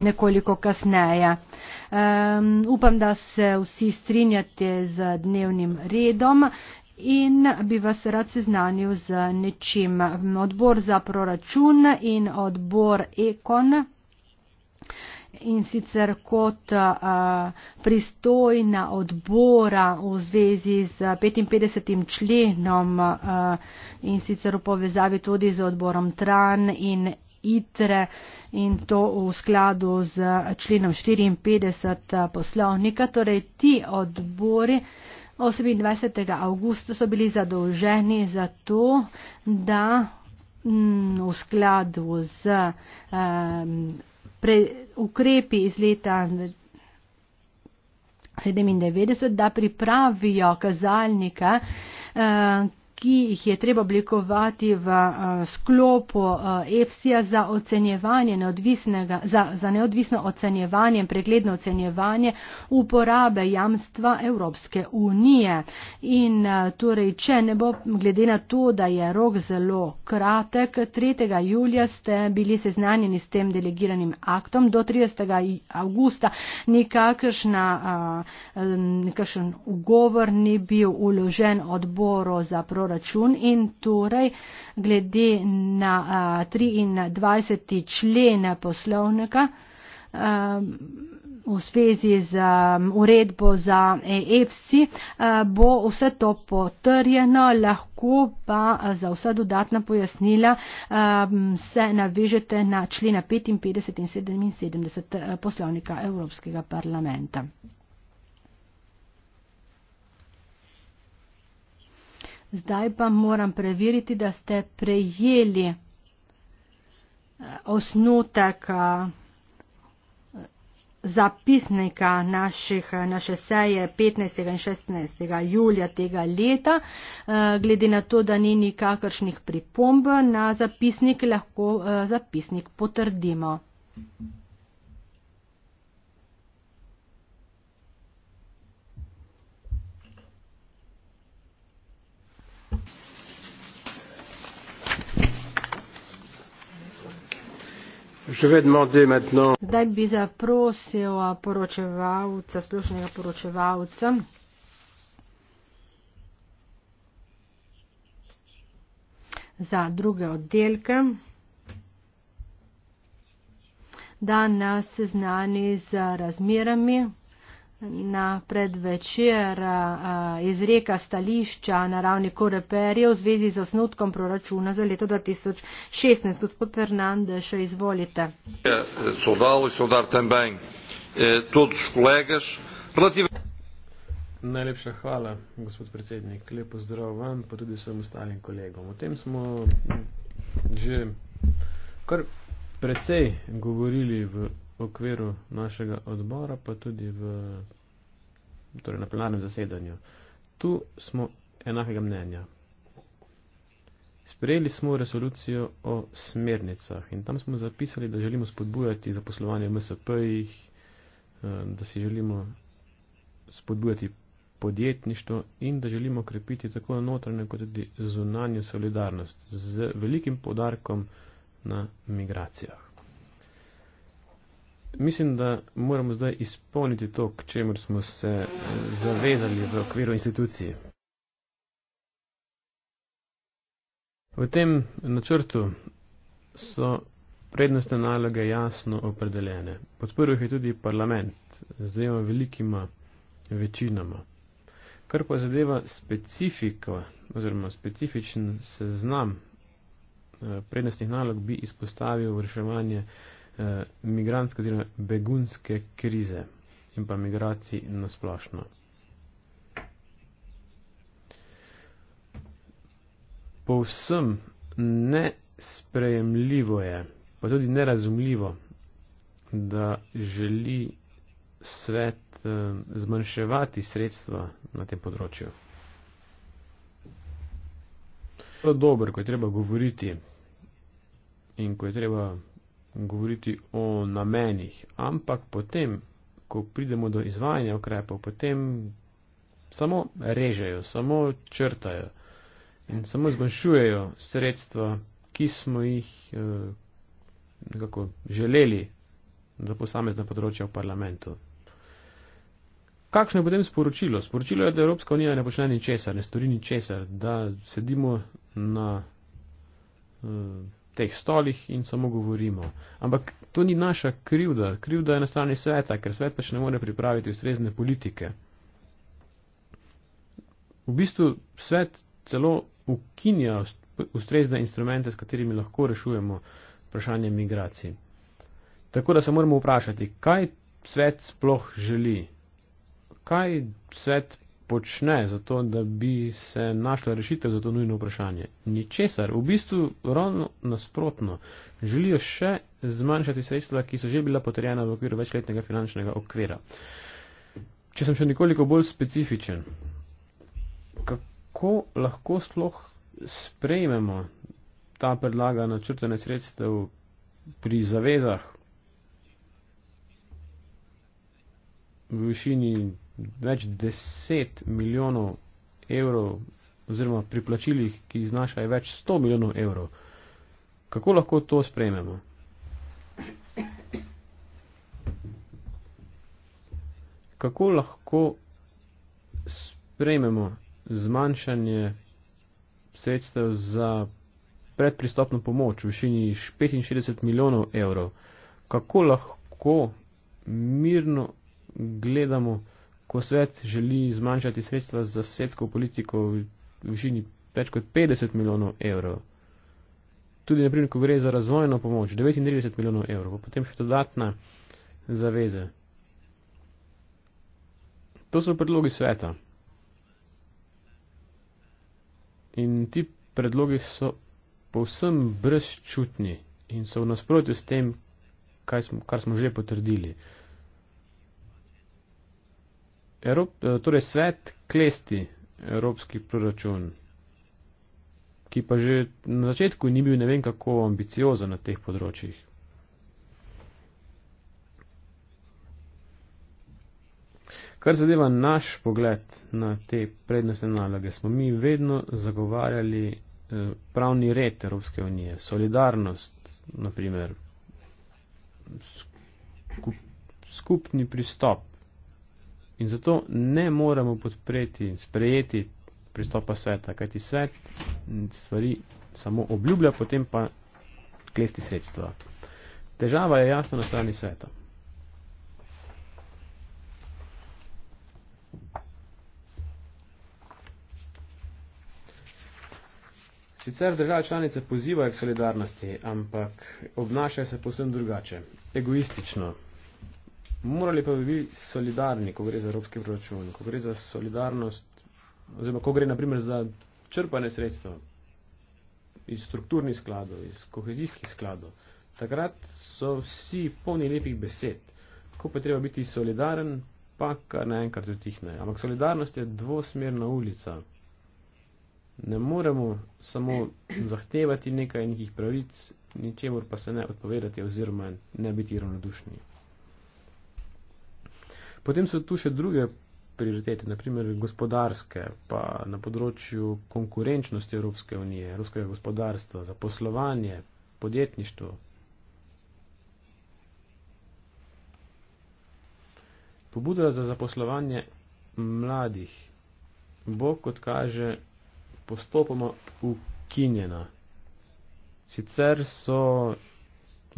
nekoliko kasneje. Um, upam, da se vsi strinjate z dnevnim redom in bi vas rad seznanil z nečim. Odbor za proračun in odbor Ekon in sicer kot a, pristojna odbora v zvezi z 55. členom a, in sicer v povezavi tudi z odborom Tran in ITRE in to v skladu z členom 54 eh, poslovnika. Torej, ti odbori 28. augusta so bili zadolženi za to, da mm, v skladu z ehm, ukrepi iz leta 1997, da pripravijo kazalnike, eh, ki jih je treba oblikovati v eh, sklopu EFSI-ja eh, za ocenjevanje neodvisnega, za, za neodvisno ocenjevanje in pregledno ocenjevanje uporabe jamstva Evropske unije. In eh, torej, če ne bo glede na to, da je rok zelo kratek, 3. julija ste bili seznanjeni s tem delegiranim aktom, do 30. augusta nikakršna, nikakšen ugovor ni bil uložen odboru za proračun proračun in torej glede na 23. člen poslovnika v svezi z uredbo za EFC bo vse to potrjeno, lahko pa za vsa dodatna pojasnila se navežete na člena 55 in 77 poslovnika Evropskega parlamenta. Zdaj pa moram preveriti, da ste prejeli eh, osnutek eh, zapisnika naših, eh, naše seje 15. in 16. julija tega leta. Glede na to, da ni nikakršnih pripomb na zapisnik, lahko zapisnik potrdimo. Thank you. Zdaj bi zaprosil poročevalca, splošnega poročevalca. Za druge oddelke, da nas seznani z razmerami na predvečer izreka stališča na ravni koreperjev v zvezi z osnutkom proračuna za leto 2016. Gospod Fernandez, še izvolite. Ja, eh, Najlepša hvala, gospod predsednik. Lep pozdrav vam, pa tudi vsem ostalim kolegom. O tem smo že kar precej govorili v okviru našega odbora, pa tudi v, torej na plenarnem zasedanju. Tu smo enakega mnenja. Sprejeli smo resolucijo o smernicah in tam smo zapisali, da želimo spodbujati zaposlovanje v MSP-jih, eh, da si želimo spodbujati podjetništvo in da želimo krepiti tako notranjo kot tudi zunanjo solidarnost z velikim podarkom na migracijah mislim, da moramo zdaj izpolniti to, k čemer smo se eh, zavezali v okviru institucije. V tem načrtu so prednostne naloge jasno opredeljene. Podprl jih je tudi parlament z dvema velikima večinama. Kar pa zadeva specifiko oziroma specifičen seznam eh, prednostnih nalog, bi izpostavil vrševanje eh, eh, migrantske oziroma begunske krize in pa migracij nasplošno. Povsem nesprejemljivo je, pa tudi nerazumljivo, da želi svet eh, zmanjševati sredstva na tem področju. Dober, ko je treba govoriti in ko je treba govoriti o namenih, ampak potem, ko pridemo do izvajanja ukrepov, potem samo režejo, samo črtajo in samo zmanjšujejo sredstva, ki smo jih eh, nekako želeli za posamezna področja v parlamentu. Kakšno je potem sporočilo? Sporočilo je, da Evropska unija ne počne ničesar, ne stori ničesar, da sedimo na eh, teh stolih in samo govorimo. Ampak to ni naša krivda. Krivda je na strani sveta, ker svet pač ne more pripraviti ustrezne politike. V bistvu svet celo ukinja ustrezne instrumente, s katerimi lahko rešujemo vprašanje migracij. Tako da se moramo vprašati, kaj svet sploh želi, kaj svet počne za to, da bi se našla rešitev za to nujno vprašanje? Ničesar. V bistvu ravno nasprotno. Želijo še zmanjšati sredstva, ki so že bila potrjena v okviru večletnega finančnega okvira. Če sem še nekoliko bolj specifičen, kako lahko sploh sprejmemo ta predlaga načrtene sredstev pri zavezah v višini več deset milijonov evrov oziroma pri plačilih, ki znašajo več sto milijonov evrov. Kako lahko to sprejmemo? Kako lahko sprejmemo zmanjšanje sredstev za predpristopno pomoč v višini 65 milijonov evrov? Kako lahko mirno gledamo, ko svet želi zmanjšati sredstva za sosedsko politiko v višini več kot 50 milijonov evrov. Tudi, naprimer, ko gre za razvojno pomoč, 39 milijonov evrov, pa potem še dodatna zaveze. To so predlogi sveta. In ti predlogi so povsem brezčutni in so v nasprotju s tem, kaj smo, kar smo že potrdili. Evrop, torej svet klesti evropski proračun, ki pa že na začetku ni bil ne vem kako ambiciozen na teh področjih. Kar zadeva naš pogled na te prednostne naloge, smo mi vedno zagovarjali eh, pravni red Evropske unije, solidarnost, na primer, skupni pristop In zato ne moremo podpreti in sprejeti pristopa sveta, kajti svet stvari samo obljublja, potem pa klesti sredstva. Težava je jasno na strani sveta. Sicer države članice pozivajo k solidarnosti, ampak obnašajo se posebno drugače, egoistično morali pa bi biti solidarni, ko gre za evropski proračun, ko gre za solidarnost, oziroma ko gre naprimer za črpane sredstva iz strukturnih skladov, iz kohezijskih skladov. Takrat so vsi polni lepih besed, ko pa treba biti solidaren, pa kar naenkrat utihnejo. Ampak solidarnost je dvosmerna ulica. Ne moremo samo zahtevati nekaj nekih pravic, ničemur pa se ne odpovedati oziroma ne biti ravnodušni. Potem so tu še druge prioritete, naprimer gospodarske, pa na področju konkurenčnosti Evropske unije, evropskega gospodarstva, zaposlovanje, podjetništvo. Pobuda za zaposlovanje mladih bo, kot kaže, postopoma ukinjena. Sicer so,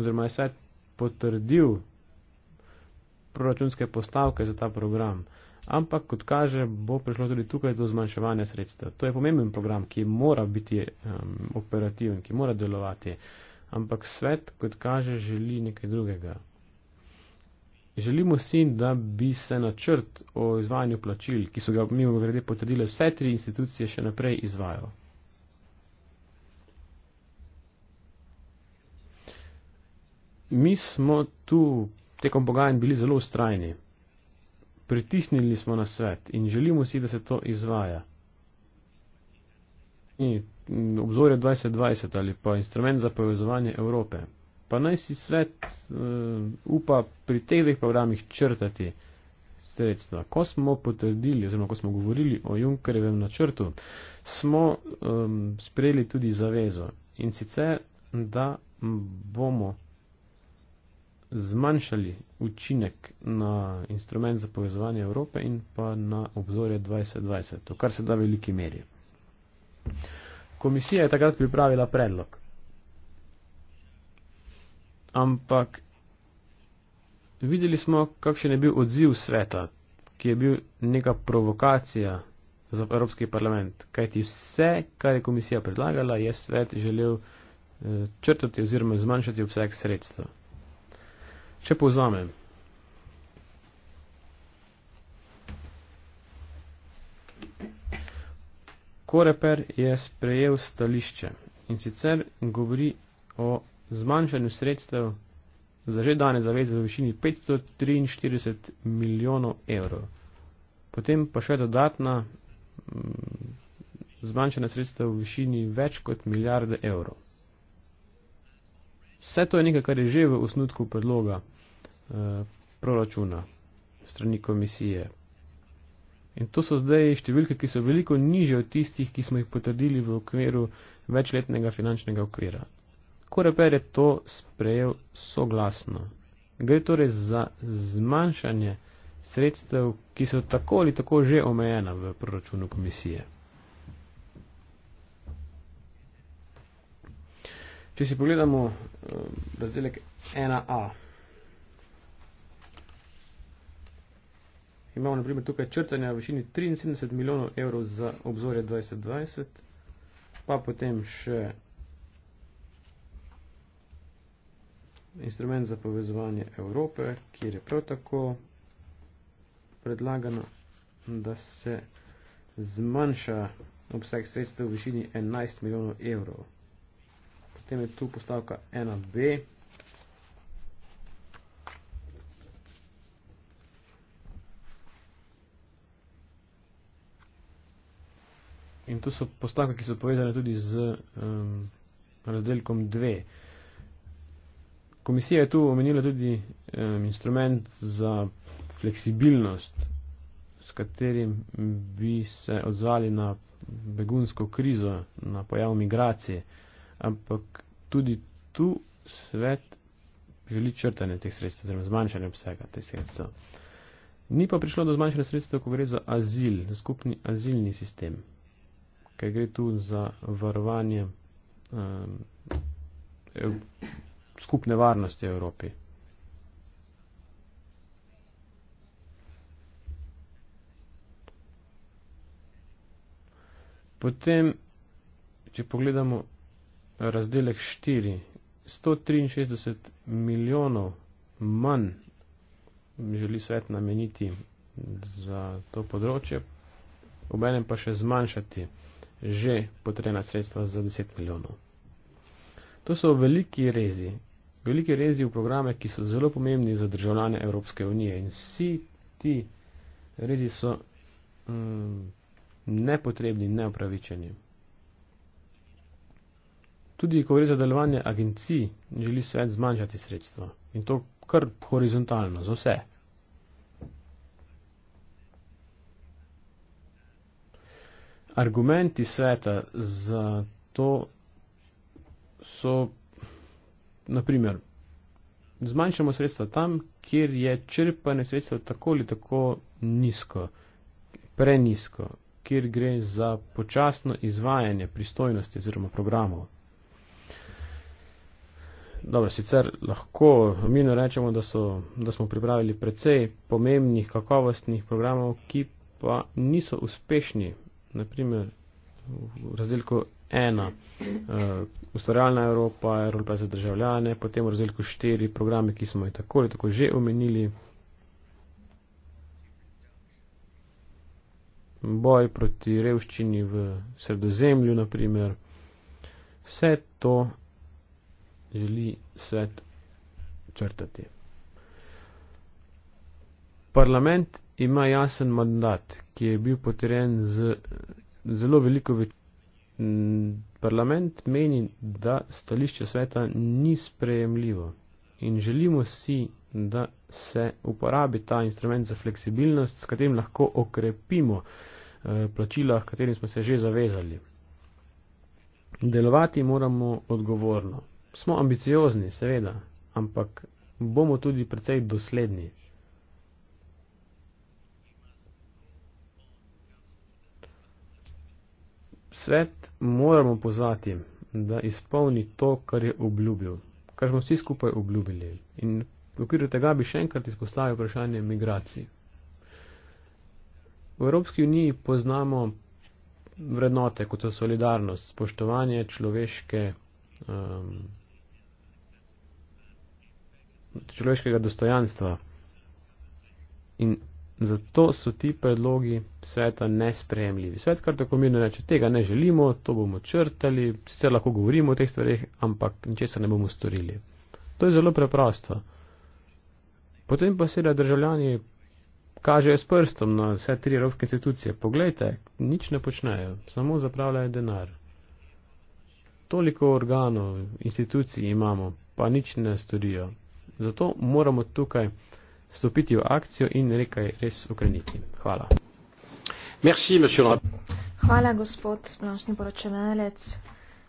oziroma je saj potrdil proračunske postavke za ta program. Ampak, kot kaže, bo prišlo tudi tukaj do zmanjševanja sredstev. To je pomemben program, ki mora biti um, operativen, ki mora delovati. Ampak svet, kot kaže, želi nekaj drugega. Želimo si, da bi se načrt o izvajanju plačil, ki so ga mimo grede potrdile vse tri institucije, še naprej izvajal. Mi smo tu tekom pogajanj bili zelo ustrajni. Pritisnili smo na svet in želimo si, da se to izvaja. In obzorje 2020 ali pa instrument za povezovanje Evrope. Pa naj si svet uh, upa pri teh dveh programih črtati sredstva. Ko smo potrdili oziroma ko smo govorili o Junkerjevem načrtu, smo um, sprejeli tudi zavezo in sicer, da bomo zmanjšali učinek na instrument za povezovanje Evrope in pa na obzorje 2020, v kar se da veliki meri. Komisija je takrat pripravila predlog, ampak videli smo, kakšen je bil odziv sveta, ki je bil neka provokacija za Evropski parlament, kajti vse, kar je komisija predlagala, je svet želel eh, črtati oziroma zmanjšati obseg sredstva. Če povzamem, Koreper je sprejel stališče in sicer govori o zmanjšanju sredstev za že dane zaveze v višini 543 milijonov evrov. Potem pa še dodatna mm, zmanjšanja sredstva v višini več kot milijarde evrov. Vse to je nekaj, kar je že v osnutku predloga Eh, proračuna strani komisije. In to so zdaj številke, ki so veliko niže od tistih, ki smo jih potrdili v okviru večletnega finančnega okvira. Koreper je to sprejel soglasno. Gre torej za zmanjšanje sredstev, ki so tako ali tako že omejena v proračunu komisije. Če si pogledamo eh, razdelek 1a. Imamo naprimer tukaj črtanja v višini 73 milijonov evrov za obzorje 2020, pa potem še instrument za povezovanje Evrope, kjer je prav tako predlagano, da se zmanjša obseg sredstev v višini 11 milijonov evrov. Potem je tu postavka 1b. In to so postavke, ki so povezane tudi z um, razdelkom 2. Komisija je tu omenila tudi um, instrument za fleksibilnost, s katerim bi se odzvali na begunsko krizo, na pojav migracije, ampak tudi tu svet želi črtanje teh sredstev, oziroma zmanjšanje obsega teh sredstev. Ni pa prišlo do zmanjšanja sredstev, ko gre za azil, za skupni azilni sistem kaj gre tu za varovanje um, skupne varnosti Evropi. Potem, če pogledamo razdelek 4, 163 milijonov manj želi svet nameniti za to področje, obenem pa še zmanjšati že potrebna sredstva za 10 milijonov. To so veliki rezi, veliki rezi v programe, ki so zelo pomembni za državljane Evropske unije in vsi ti rezi so mm, nepotrebni, neopravičeni. Tudi, ko gre za delovanje agencij, želi svet zmanjšati sredstva in to kar horizontalno, za vse. argumenti sveta za to so, naprimer, zmanjšamo sredstva tam, kjer je črpanje sredstva tako ali tako nizko, prenisko, kjer gre za počasno izvajanje pristojnosti oziroma programov. Dobro, sicer lahko mi rečemo, da, so, da smo pripravili precej pomembnih, kakovostnih programov, ki pa niso uspešni naprimer v razdelku ena uh, ustvarjalna Evropa, Evropa za državljane, potem v razdelku štiri programe, ki smo jih tako ali tako že omenili, boj proti revščini v sredozemlju, naprimer, vse to želi svet črtati. Parlament ima jasen mandat, ki je bil potrjen z zelo veliko večino. Parlament meni, da stališče sveta ni sprejemljivo in želimo si, da se uporabi ta instrument za fleksibilnost, s katerim lahko okrepimo eh, plačila, katerim smo se že zavezali. Delovati moramo odgovorno. Smo ambiciozni, seveda, ampak bomo tudi precej dosledni. svet moramo pozvati, da izpolni to, kar je obljubil, kar smo vsi skupaj obljubili. In v okviru tega bi še enkrat izpostavil vprašanje migracij. V Evropski uniji poznamo vrednote, kot so solidarnost, spoštovanje človeške, um, človeškega dostojanstva in Zato so ti predlogi sveta nesprejemljivi. Svet kar tako mirno reče, tega ne želimo, to bomo črtali, sicer lahko govorimo o teh stvarih, ampak ničesar ne bomo storili. To je zelo preprosto. Potem pa seveda državljani kažejo s prstom na vse tri evropske institucije. Poglejte, nič ne počnejo, samo zapravljajo denar. Toliko organov, institucij imamo, pa nič ne storijo. Zato moramo tukaj stopiti v akcijo in nekaj res ukreniti. Hvala. Merci, Hvala, gospod splošni poročevalec.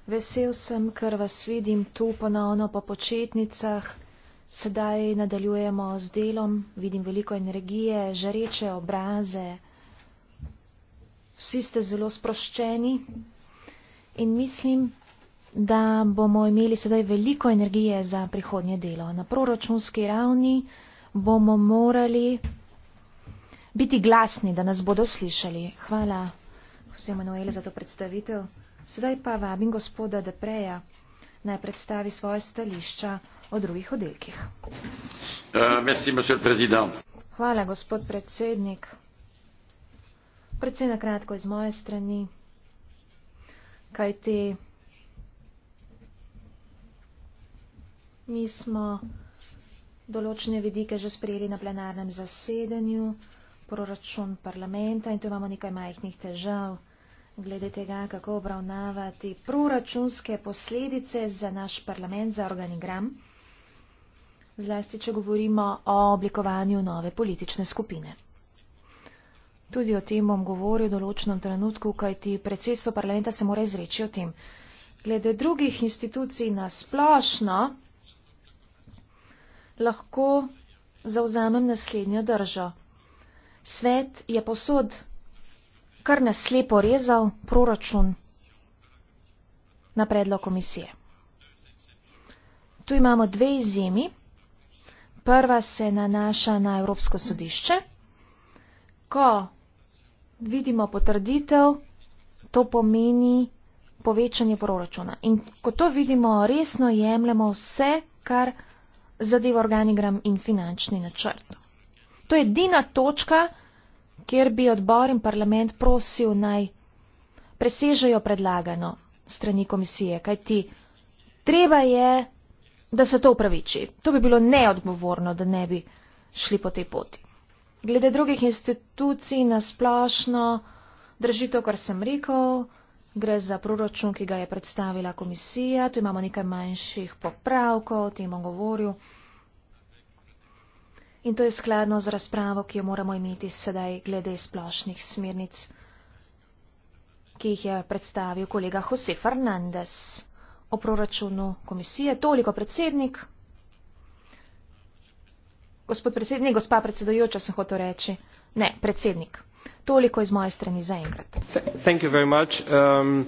Vesel sem, ker vas vidim tu ponovno po početnicah. Sedaj nadaljujemo z delom, vidim veliko energije, žareče obraze. Vsi ste zelo sproščeni in mislim, da bomo imeli sedaj veliko energije za prihodnje delo. Na proračunski ravni bomo morali biti glasni, da nas bodo slišali. Hvala vsem Manuele za to predstavitev. Sedaj pa vabim gospoda Depreja naj predstavi svoje stališča o drugih oddelkih. Uh, Hvala, gospod predsednik. Predvsej na kratko iz moje strani, kajti mi smo določene vidike že sprejeli na plenarnem zasedanju, proračun parlamenta in tu imamo nekaj majhnih težav glede tega, kako obravnavati proračunske posledice za naš parlament, za organigram, zlasti, če govorimo o oblikovanju nove politične skupine. Tudi o tem bom govoril v določenem trenutku, kajti predsedstvo parlamenta se mora izreči o tem. Glede drugih institucij na splošno, lahko zauzamem naslednjo držo. Svet je posod, kar nas slepo rezal proračun na predlog komisije. Tu imamo dve izjemi. Prva se nanaša na Evropsko sodišče. Ko vidimo potrditev, to pomeni povečanje proračuna. In ko to vidimo, resno jemljamo vse, kar vse zadeva organigram in finančni načrt. To je edina točka, kjer bi odbor in parlament prosil naj presežejo predlagano strani komisije, kajti treba je, da se to upraviči. To bi bilo neodgovorno, da ne bi šli po tej poti. Glede drugih institucij na splošno, držite to, kar sem rekel. Gre za proračun, ki ga je predstavila komisija. Tu imamo nekaj manjših popravkov, o tem bom govoril. In to je skladno z razpravo, ki jo moramo imeti sedaj glede splošnih smernic, ki jih je predstavil kolega Jose Fernandez o proračunu komisije. Toliko predsednik. Gospod predsednik, gospa predsedojoča, sem hotel reči. Ne, predsednik toliko iz moje strani zaenkrat. Um,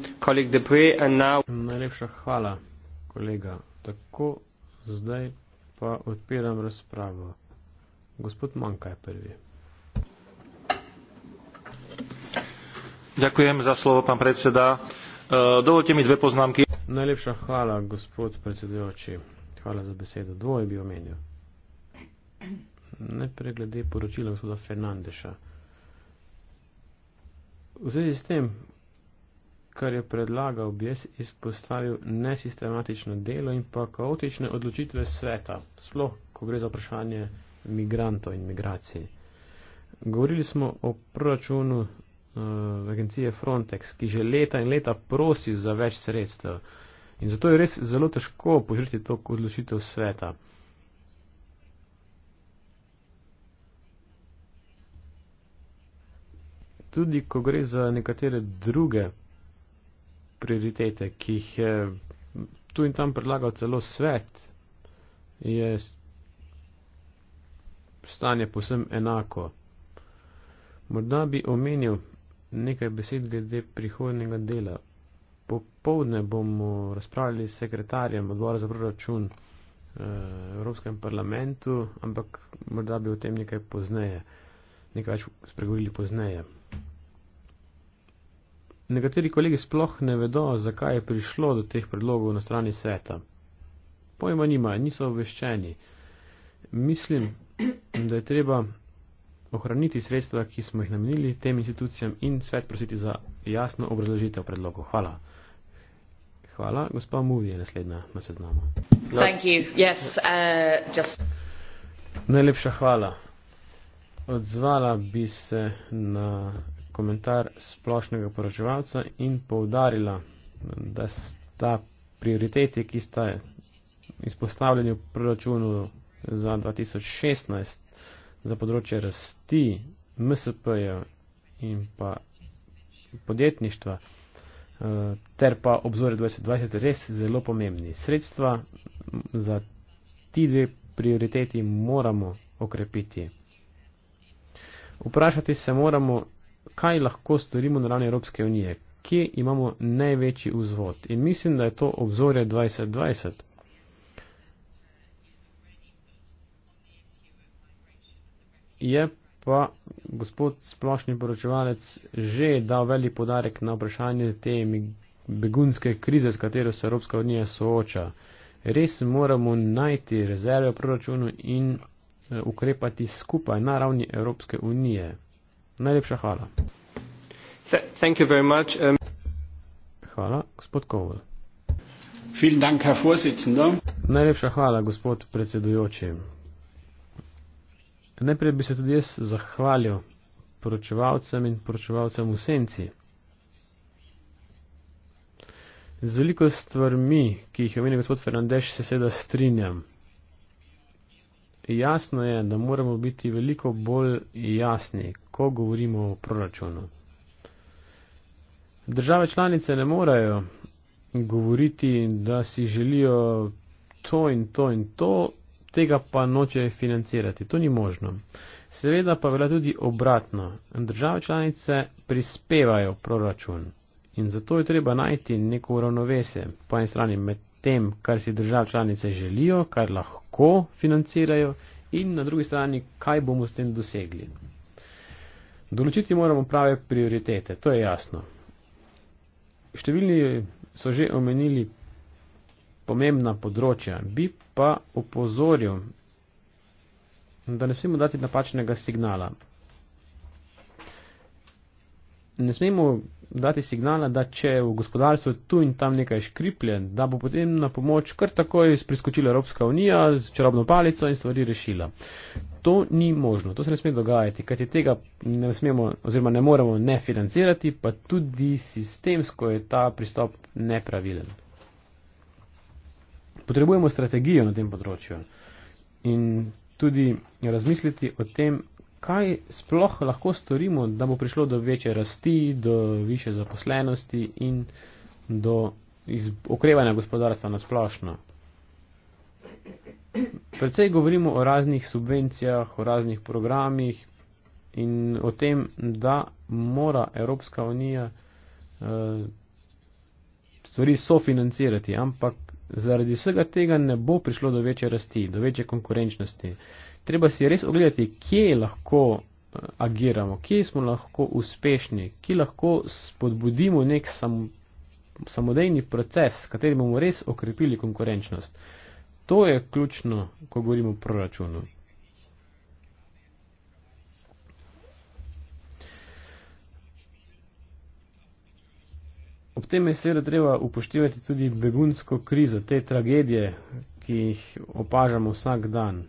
now... Najlepša hvala, kolega. Tako, zdaj pa odpiram razpravo. Gospod Manka je prvi. Ďakujem za slovo, pán predseda. E, dovolte mi dve poznámky. Najlepša hvala, gospod predsedujoči. Hvala za besedo. Dvoje bi omenil. Najprej glede poročila gospoda Fernandeša. V zvezi s tem, kar je predlagal, bi jaz izpostavil nesistematično delo in pa kaotične odločitve sveta, sploh, ko gre za vprašanje migrantov in migracij. Govorili smo o proračunu uh, agencije Frontex, ki že leta in leta prosi za več sredstev. In zato je res zelo težko požriti to odločitev sveta. tudi ko gre za nekatere druge prioritete, ki jih je tu in tam predlagal celo svet, je stanje posem enako. Morda bi omenil nekaj besed glede prihodnega dela. Popovdne bomo razpravljali s sekretarjem odbora za proračun eh, v Evropskem parlamentu, ampak morda bi o tem nekaj pozneje, nekaj več spregovorili pozneje. Nekateri kolegi sploh ne vedo, zakaj je prišlo do teh predlogov na strani sveta. Pojma nima, niso obveščeni. Mislim, da je treba ohraniti sredstva, ki smo jih namenili tem institucijam in svet prositi za jasno obrazložitev predlogov. Hvala. Hvala. Gospa Mudi je naslednja na seznamu. Yes, uh, just... Najlepša hvala. Odzvala bi se na komentar splošnega poročevalca in povdarila, da sta prioriteti, ki sta izpostavljeni v proračunu za 2016 za področje rasti MSP-jev in pa podjetništva eh, ter pa obzore 2020 res zelo pomembni. Sredstva za ti dve prioriteti moramo okrepiti. Vprašati se moramo, kaj lahko storimo na ravni Evropske unije, kje imamo največji vzvod. In mislim, da je to obzorje 2020. Je pa gospod splošni poročevalec že dal velik podarek na vprašanje te begunske krize, s katero se Evropska unija sooča. Res moramo najti rezerve v proračunu in eh, ukrepati skupaj na ravni Evropske unije. Najlepša hvala. Um. Hvala, gospod Kovol. Najlepša hvala, gospod predsedujoči. Najprej bi se tudi jaz zahvalil poročevalcem in poročevalcem v senci. Z veliko stvarmi, ki jih je omenil gospod Fernandez, se seveda strinjam. Jasno je, da moramo biti veliko bolj jasni, ko govorimo o proračunu. Države članice ne morejo govoriti, da si želijo to in to in to, tega pa nočejo financirati. To ni možno. Seveda pa velja tudi obratno. Države članice prispevajo proračun in zato je treba najti neko ravnovesje po eni strani med tem, kar si držav članice želijo, kar lahko financirajo in na drugi strani, kaj bomo s tem dosegli. Določiti moramo prave prioritete, to je jasno. Številni so že omenili pomembna področja, bi pa opozoril, da ne smemo dati napačnega signala. Ne smemo dati signala, da če v gospodarstvu tu in tam nekaj škriplje, da bo potem na pomoč kar takoj priskočila Evropska unija z čarobno palico in stvari rešila. To ni možno, to se ne sme dogajati, kajti tega ne smemo oziroma ne moremo ne financirati, pa tudi sistemsko je ta pristop nepravilen. Potrebujemo strategijo na tem področju in tudi razmisliti o tem, kaj sploh lahko storimo, da bo prišlo do večje rasti, do više zaposlenosti in do okrevanja gospodarstva na splošno. Predvsej govorimo o raznih subvencijah, o raznih programih in o tem, da mora Evropska unija uh, stvari sofinancirati, ampak zaradi vsega tega ne bo prišlo do večje rasti, do večje konkurenčnosti. Uh, treba si res ogledati, kje lahko eh, agiramo, kje smo lahko uspešni, kje lahko spodbudimo nek sam, samodejni proces, s katerim bomo res okrepili konkurenčnost. To je ključno, ko govorimo o proračunu. Ob tem je seveda treba upoštevati tudi begunsko krizo, te tragedije, ki jih opažamo vsak dan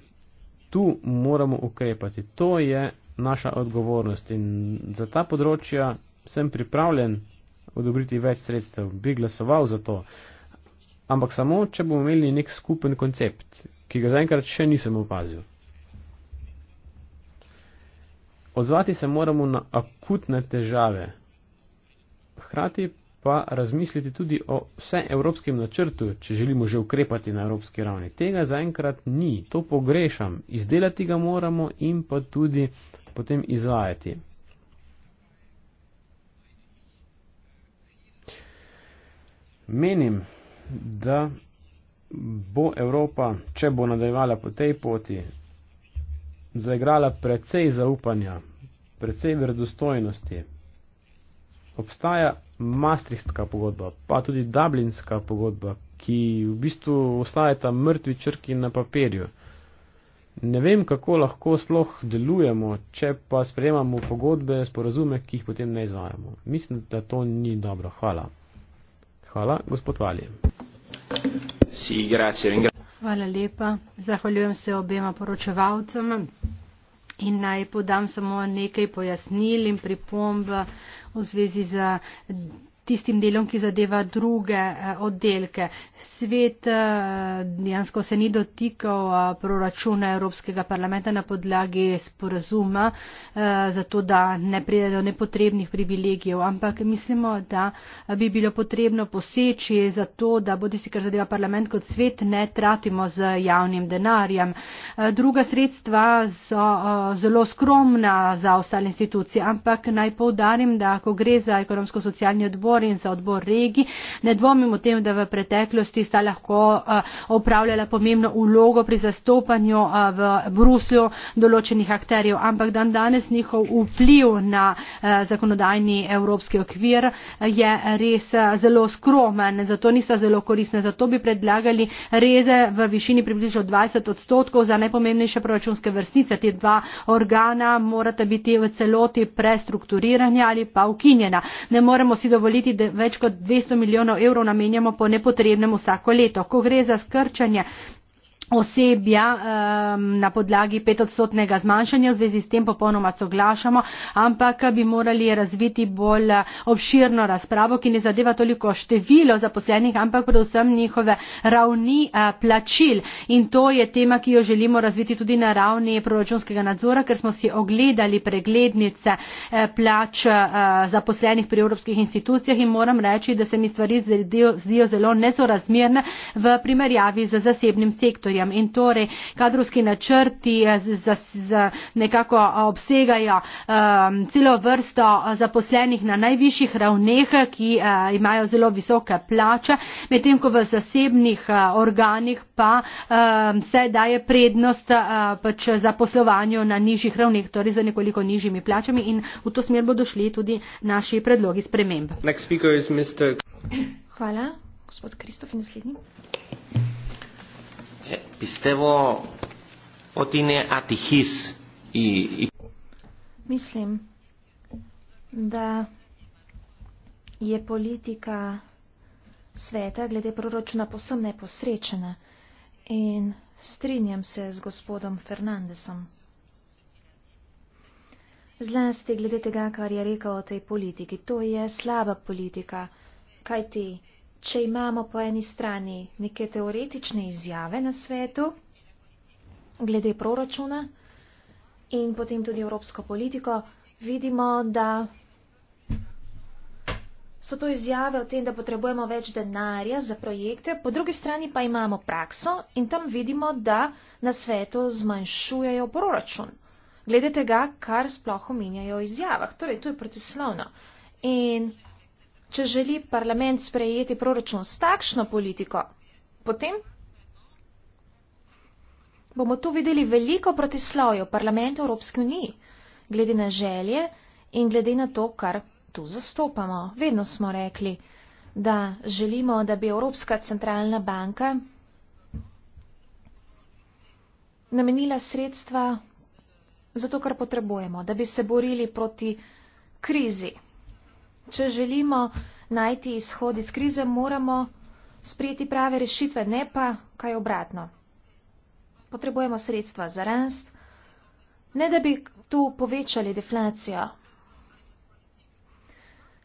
tu moramo ukrepati. To je naša odgovornost in za ta področja sem pripravljen odobriti več sredstev, bi glasoval za to, ampak samo, če bomo imeli nek skupen koncept, ki ga zaenkrat še nisem opazil. Odzvati se moramo na akutne težave, hkrati pa razmisliti tudi o vseevropskem načrtu, če želimo že ukrepati na evropski ravni. Tega zaenkrat ni, to pogrešam, izdelati ga moramo in pa tudi potem izvajati. Menim, da bo Evropa, če bo nadaljevala po tej poti, zaigrala precej zaupanja, precej verodostojnosti. Obstaja Maastrichtska pogodba, pa tudi Dublinska pogodba, ki v bistvu ostajata mrtvi črki na papirju. Ne vem, kako lahko sploh delujemo, če pa sprejemamo pogodbe, sporazume, ki jih potem ne izvajamo. Mislim, da to ni dobro. Hvala. Hvala, gospod Valje. Hvala lepa. Zahvaljujem se obema poročevalcem in naj podam samo nekaj pojasnil in pripomb v zvezi z tistim delom, ki zadeva druge eh, oddelke. Svet eh, dejansko se ni dotikal eh, proračuna Evropskega parlamenta na podlagi sporazuma, zato da ne pride do nepotrebnih privilegijev, ampak mislimo, da bi bilo potrebno poseči za to, da bodi si kar zadeva parlament kot svet, ne tratimo z javnim denarjem. Druga sredstva so zelo skromna za ostale institucije, ampak naj povdarim, da ko gre za ekonomsko-socialni odbor, odgovoren za odbor regij. Ne dvomim o tem, da v preteklosti sta lahko eh, opravljala pomembno ulogo pri zastopanju eh, v Bruslju določenih akterjev, ampak dan danes njihov vpliv na eh, zakonodajni evropski okvir je res zelo skromen, zato nista zelo korisne. Zato bi predlagali reze v višini približno 20 odstotkov za najpomembnejše proračunske vrstnice. Te dva organa morata biti v celoti prestrukturirani ali pa ukinjena. Ne moremo si dovoliti omeniti, da več kot 200 milijonov evrov namenjamo po nepotrebnem vsako leto. Ko gre za skrčanje osebja um, na podlagi petodstotnega zmanjšanja, v zvezi s tem popolnoma soglašamo, ampak bi morali razviti bolj obširno razpravo, ki ne zadeva toliko število zaposlenih, ampak predvsem njihove ravni uh, plačil. In to je tema, ki jo želimo razviti tudi na ravni proračunskega nadzora, ker smo si ogledali preglednice uh, plač uh, zaposlenih pri evropskih institucijah in moram reči, da se mi stvari zdijo, zdijo zelo nesorazmerne v primerjavi z zasebnim sektorjem razmerjem. In torej kadrovski načrti za, eh, za nekako eh, obsegajo um, celo vrsto eh, zaposlenih na najvišjih ravneh, ki uh, imajo zelo visoke plače, medtem ko v zasebnih uh, organih pa um, se daje prednost uh, pač zaposlovanju na nižjih ravneh, torej za nekoliko nižjimi plačami in v to smer bodo šli tudi naši predlogi sprememb. Hvala, gospod Kristof in naslednji. Πιστεύω ότι είναι ατυχής η... η... Μισλήμ, δα je politika sveta glede proračuna posem neposrečena in strinjam se z gospodom Fernandesom. Zlasti glede tega, kar je rekel o tej politiki, to je slaba politika, kaj ti če imamo po eni strani neke teoretične izjave na svetu glede proračuna in potem tudi evropsko politiko, vidimo, da so to izjave o tem, da potrebujemo več denarja za projekte, po drugi strani pa imamo prakso in tam vidimo, da na svetu zmanjšujejo proračun. Glede tega, kar sploh omenjajo izjavah. Torej, to je protislovno. In če želi parlament sprejeti proračun s takšno politiko, potem bomo tu videli veliko protislojo parlamentu Evropske unije, glede na želje in glede na to, kar tu zastopamo. Vedno smo rekli, da želimo, da bi Evropska centralna banka namenila sredstva za to, kar potrebujemo, da bi se borili proti krizi. Če želimo najti izhod iz krize, moramo sprejeti prave rešitve, ne pa kaj obratno. Potrebujemo sredstva za rast, ne da bi tu povečali deflacijo.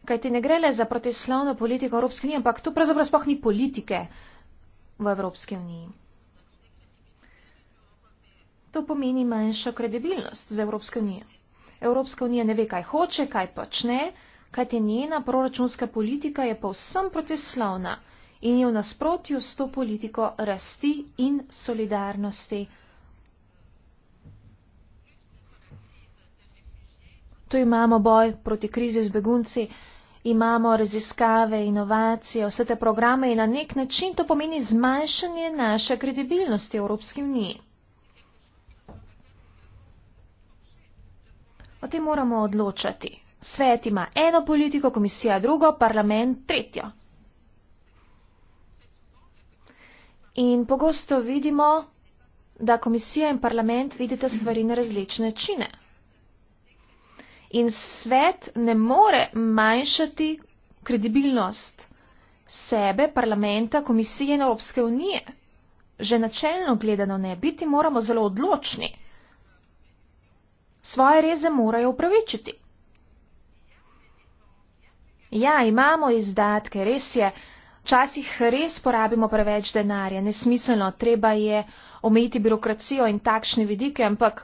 Kaj ti ne gre le za protislavno politiko Evropske unije, ampak to pravzaprav sploh ni politike v Evropske uniji. To pomeni manjšo kredibilnost za Evropske unije. Evropska unija ne ve, kaj hoče, kaj počne kajte njena proračunska politika je povsem protislavna in je v nasprotju s to politiko rasti in solidarnosti. Tu imamo boj proti krizi z begunci, imamo raziskave, inovacije, vse te programe in na nek način to pomeni zmanjšanje naše kredibilnosti v Evropski uniji. O tem moramo odločati. Svet ima eno politiko, komisija drugo, parlament tretjo. In pogosto vidimo, da komisija in parlament vidite stvari na različne načine. In svet ne more manjšati kredibilnost sebe, parlamenta, komisije in Evropske unije. Že načelno gledano ne, biti moramo zelo odločni. Svoje reze morajo upravičiti. Ja, imamo izdatke, res je. Včasih res porabimo preveč denarja, nesmiselno, treba je omejiti birokracijo in takšne vidike, ampak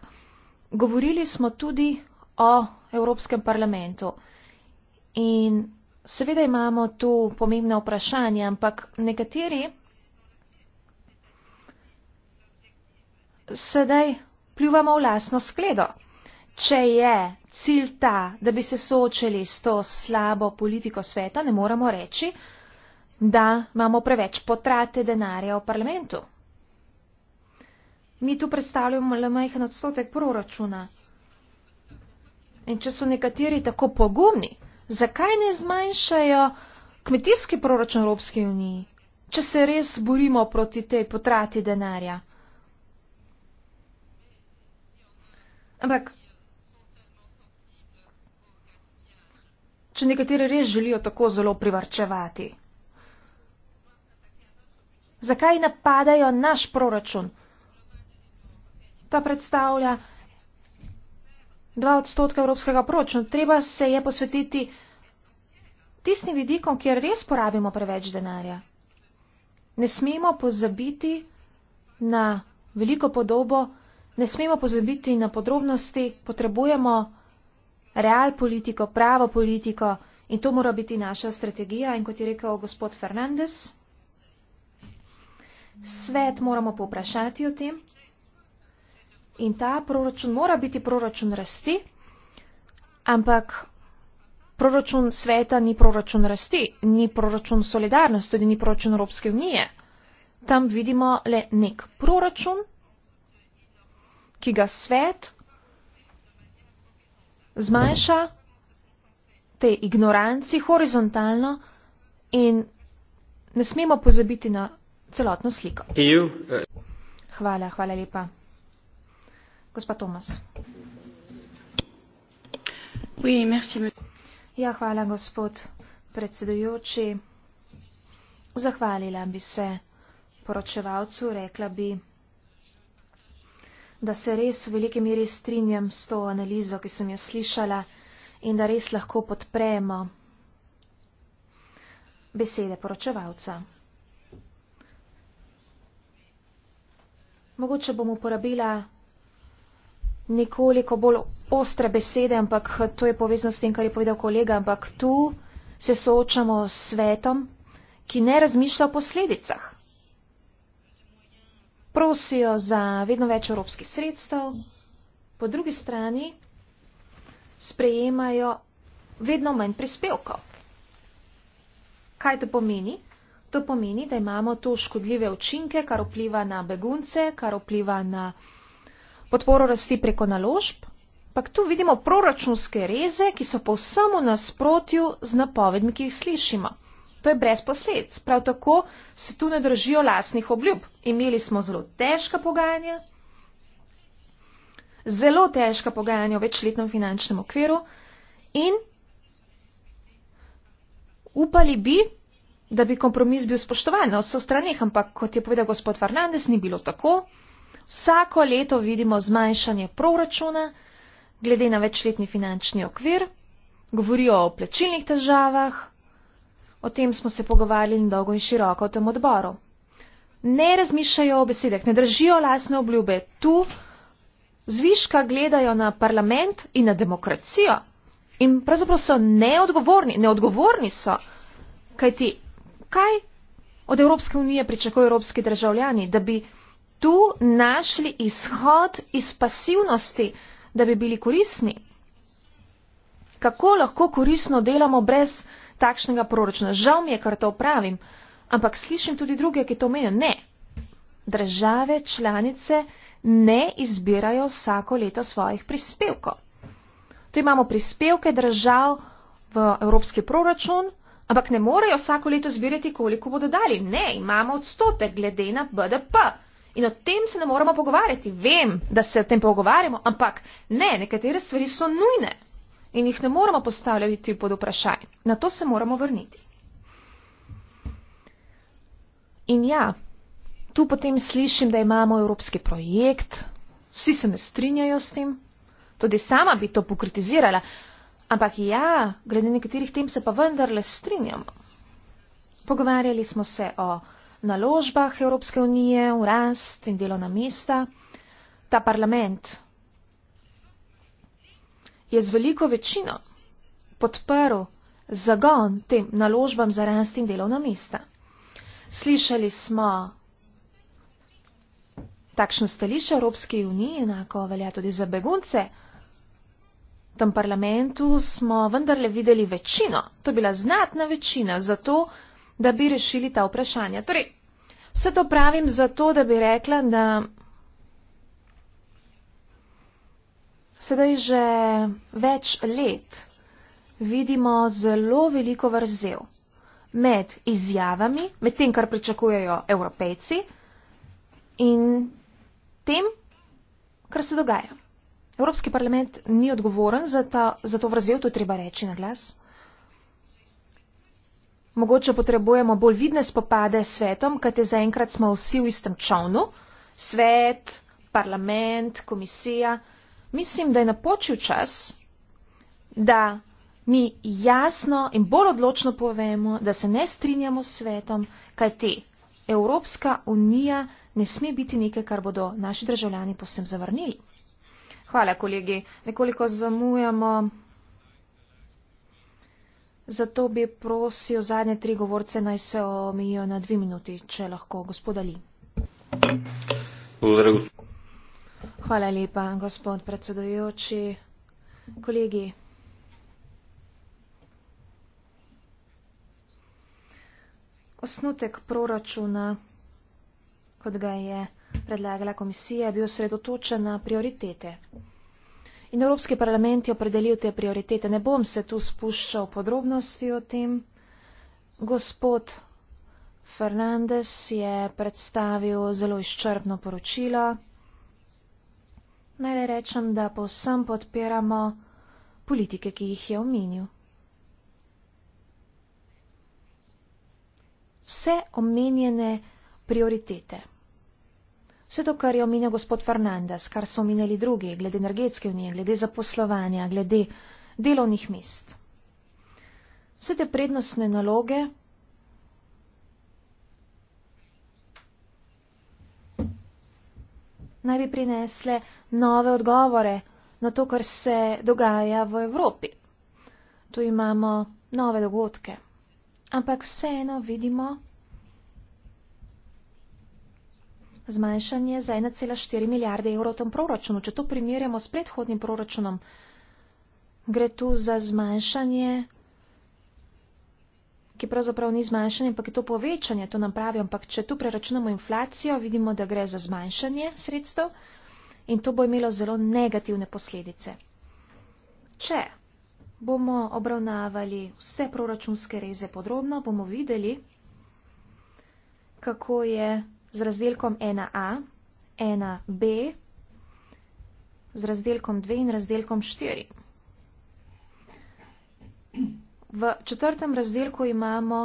govorili smo tudi o Evropskem parlamentu. In seveda imamo tu pomembne vprašanja, ampak nekateri sedaj pljuvamo v lasno skledo če je cilj ta, da bi se soočili s to slabo politiko sveta, ne moramo reči, da imamo preveč potrate denarja v parlamentu. Mi tu predstavljamo le majhen odstotek proračuna. In če so nekateri tako pogumni, zakaj ne zmanjšajo kmetijski proračun Evropske unije, če se res borimo proti tej potrati denarja? Ampak če nekateri res želijo tako zelo privarčevati. Zakaj napadajo naš proračun? Ta predstavlja dva odstotka evropskega proračuna. Treba se je posvetiti tistim vidikom, kjer res porabimo preveč denarja. Ne smemo pozabiti na veliko podobo, ne smemo pozabiti na podrobnosti, potrebujemo real politiko, pravo politiko in to mora biti naša strategija. In kot je rekel gospod Fernandez, svet moramo poprašati o tem in ta proračun mora biti proračun rasti, ampak proračun sveta ni proračun rasti, ni proračun solidarnosti, tudi ni proračun Evropske unije. Tam vidimo le nek proračun, ki ga svet zmanjša te ignoranci horizontalno in ne smemo pozabiti na celotno sliko. Eh. Hvala, hvala lepa. Gospa Tomas. Ja, hvala, gospod predsedujoči. Zahvalila bi se poročevalcu, rekla bi, da se res v veliki meri strinjam s to analizo, ki sem jo slišala in da res lahko podpremo besede poročevalca. Mogoče bom uporabila nekoliko bolj ostre besede, ampak to je povezano s tem, kar je povedal kolega, ampak tu se soočamo s svetom, ki ne razmišlja o posledicah prosijo za vedno več evropskih sredstev, po drugi strani sprejemajo vedno manj prispevkov. Kaj to pomeni? To pomeni, da imamo tu škodljive učinke, kar vpliva na begunce, kar vpliva na podporo rasti preko naložb. Pak tu vidimo proračunske reze, ki so povsem v nasprotju z napovedmi, ki jih slišimo. To je brez posledic. Prav tako se tu ne držijo lasnih obljub. Imeli smo zelo težka pogajanja, zelo težka pogajanja o večletnem finančnem okviru in upali bi, da bi kompromis bil spoštovan na vseh straneh, ampak kot je povedal gospod Fernandez, ni bilo tako. Vsako leto vidimo zmanjšanje proračuna glede na večletni finančni okvir, govorijo o plačilnih težavah. O tem smo se pogovarjali dolgo in široko v tem odboru. Ne razmišljajo o besedek, ne držijo lasne obljube. Tu zviška gledajo na parlament in na demokracijo. In pravzaprav so neodgovorni, neodgovorni so. Kaj ti, kaj od Evropske unije pričakujejo evropski državljani, da bi tu našli izhod iz pasivnosti, da bi bili korisni? Kako lahko korisno delamo brez takšnega proračuna. Žal mi je, kar to pravim, ampak slišim tudi druge, ki to menijo. Ne. Države članice ne izbirajo vsako leto svojih prispevkov. Tu imamo prispevke držav v evropski proračun, ampak ne morejo vsako leto zbirati, koliko bodo dali. Ne, imamo odstotek glede na BDP. In o tem se ne moramo pogovarjati. Vem, da se o tem pogovarjamo, ampak ne, nekatere stvari so nujne in jih ne moremo postavljati pod vprašaj. Na to se moramo vrniti. In ja, tu potem slišim, da imamo evropski projekt, vsi se ne strinjajo s tem, tudi sama bi to pokritizirala, ampak ja, glede nekaterih tem se pa vendarle strinjamo. Pogovarjali smo se o naložbah Evropske unije, v rast in delo na mesta. Ta parlament je z veliko večino podprl zagon tem naložbam za rast in delovna mesta. Slišali smo takšno stališče Evropske unije, enako velja tudi za begunce. V tem parlamentu smo vendarle videli večino, to je bila znatna večina, za to, da bi rešili ta vprašanja. Torej, vse to pravim zato, da bi rekla, da sedaj že več let vidimo zelo veliko vrzel med izjavami, med tem, kar pričakujejo evropejci in tem, kar se dogaja. Evropski parlament ni odgovoren za, ta, za to vrzel, to treba reči na glas. Mogoče potrebujemo bolj vidne spopade s svetom, kaj te zaenkrat smo vsi v istem čovnu. Svet, parlament, komisija mislim, da je napočil čas, da mi jasno in bolj odločno povemo, da se ne strinjamo s svetom, kaj te Evropska unija ne sme biti nekaj, kar bodo naši državljani posem zavrnili. Hvala, kolegi. Nekoliko zamujamo. Zato bi prosil zadnje tri govorce naj se omejijo na dve minuti, če lahko, gospod Ali. Благодаря, господин. Hvala lepa, gospod predsedujoči. Kolegi. Osnutek proračuna, kot ga je predlagala komisija, je bil sredotočen na prioritete. In Evropski parlament je opredelil te prioritete. Ne bom se tu spuščal podrobnosti o tem. Gospod Fernandez je predstavil zelo izčrpno poročilo naj le rečem, da povsem podpiramo politike, ki jih je omenil. Vse omenjene prioritete, vse to, kar je omenil gospod Fernandez, kar so omenjali drugi, glede energetske unije, glede zaposlovanja, glede delovnih mest. Vse te prednostne naloge naj bi prinesle nove odgovore na to, kar se dogaja v Evropi. Tu imamo nove dogodke. Ampak vseeno vidimo zmanjšanje za 1,4 milijarde evrov v tem proračunu. Če to primerjamo s predhodnim proračunom, gre tu za zmanjšanje ki pravzaprav ni zmanjšanje, ampak je to povečanje, to nam pravi, ampak če tu preračunamo inflacijo, vidimo, da gre za zmanjšanje sredstev in to bo imelo zelo negativne posledice. Če bomo obravnavali vse proračunske reze podrobno, bomo videli, kako je z razdelkom 1a, 1b, z razdelkom 2 in razdelkom 4. V četrtem razdelku imamo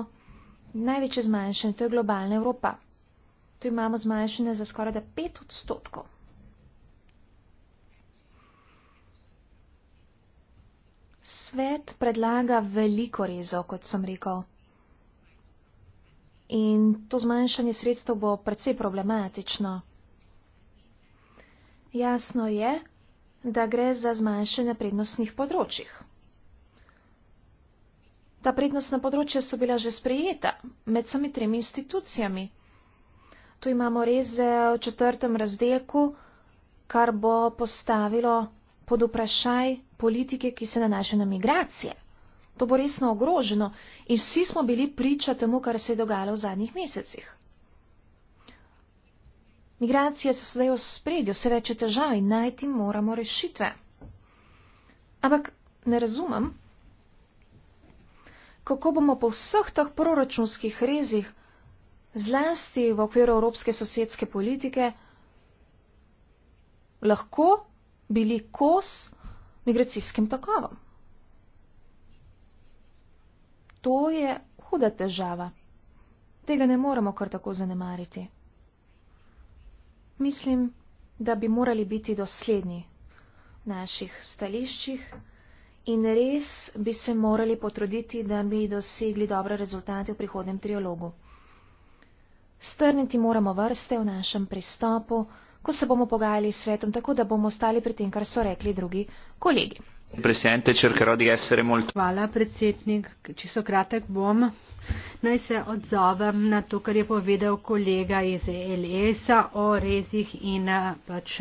največje zmanjšanje, to je globalna Evropa. Tu imamo zmanjšanje za skoraj da 5 odstotkov. Svet predlaga veliko rezov, kot sem rekel. In to zmanjšanje sredstev bo predvsej problematično. Jasno je, da gre za zmanjšanje prednostnih področjih. Ta prednostna področja so bila že sprejeta med sami tremi institucijami. Tu imamo reze v četrtem razdelku, kar bo postavilo pod vprašaj politike, ki se nanaša na migracije. To bo resno ogroženo in vsi smo bili priča temu, kar se je dogajalo v zadnjih mesecih. Migracije so sedaj v spredju, vse več je težav in najti moramo rešitve. Ampak ne razumem, kako bomo po vseh teh proračunskih rezih, zlasti v okviru evropske sosedske politike, lahko bili kos migracijskim takovom. To je huda težava. Tega ne moremo kar tako zanemariti. Mislim, da bi morali biti dosledni v naših stališčih in res bi se morali potruditi, da bi dosegli dobre rezultate v prihodnem trialogu. Strniti moramo vrste v našem pristopu, ko se bomo pogajali s svetom, tako da bomo stali pri tem, kar so rekli drugi kolegi. Hvala, predsednik. Čisto kratek bom. Naj se odzovem na to, kar je povedal kolega iz LS-a o rezih in pač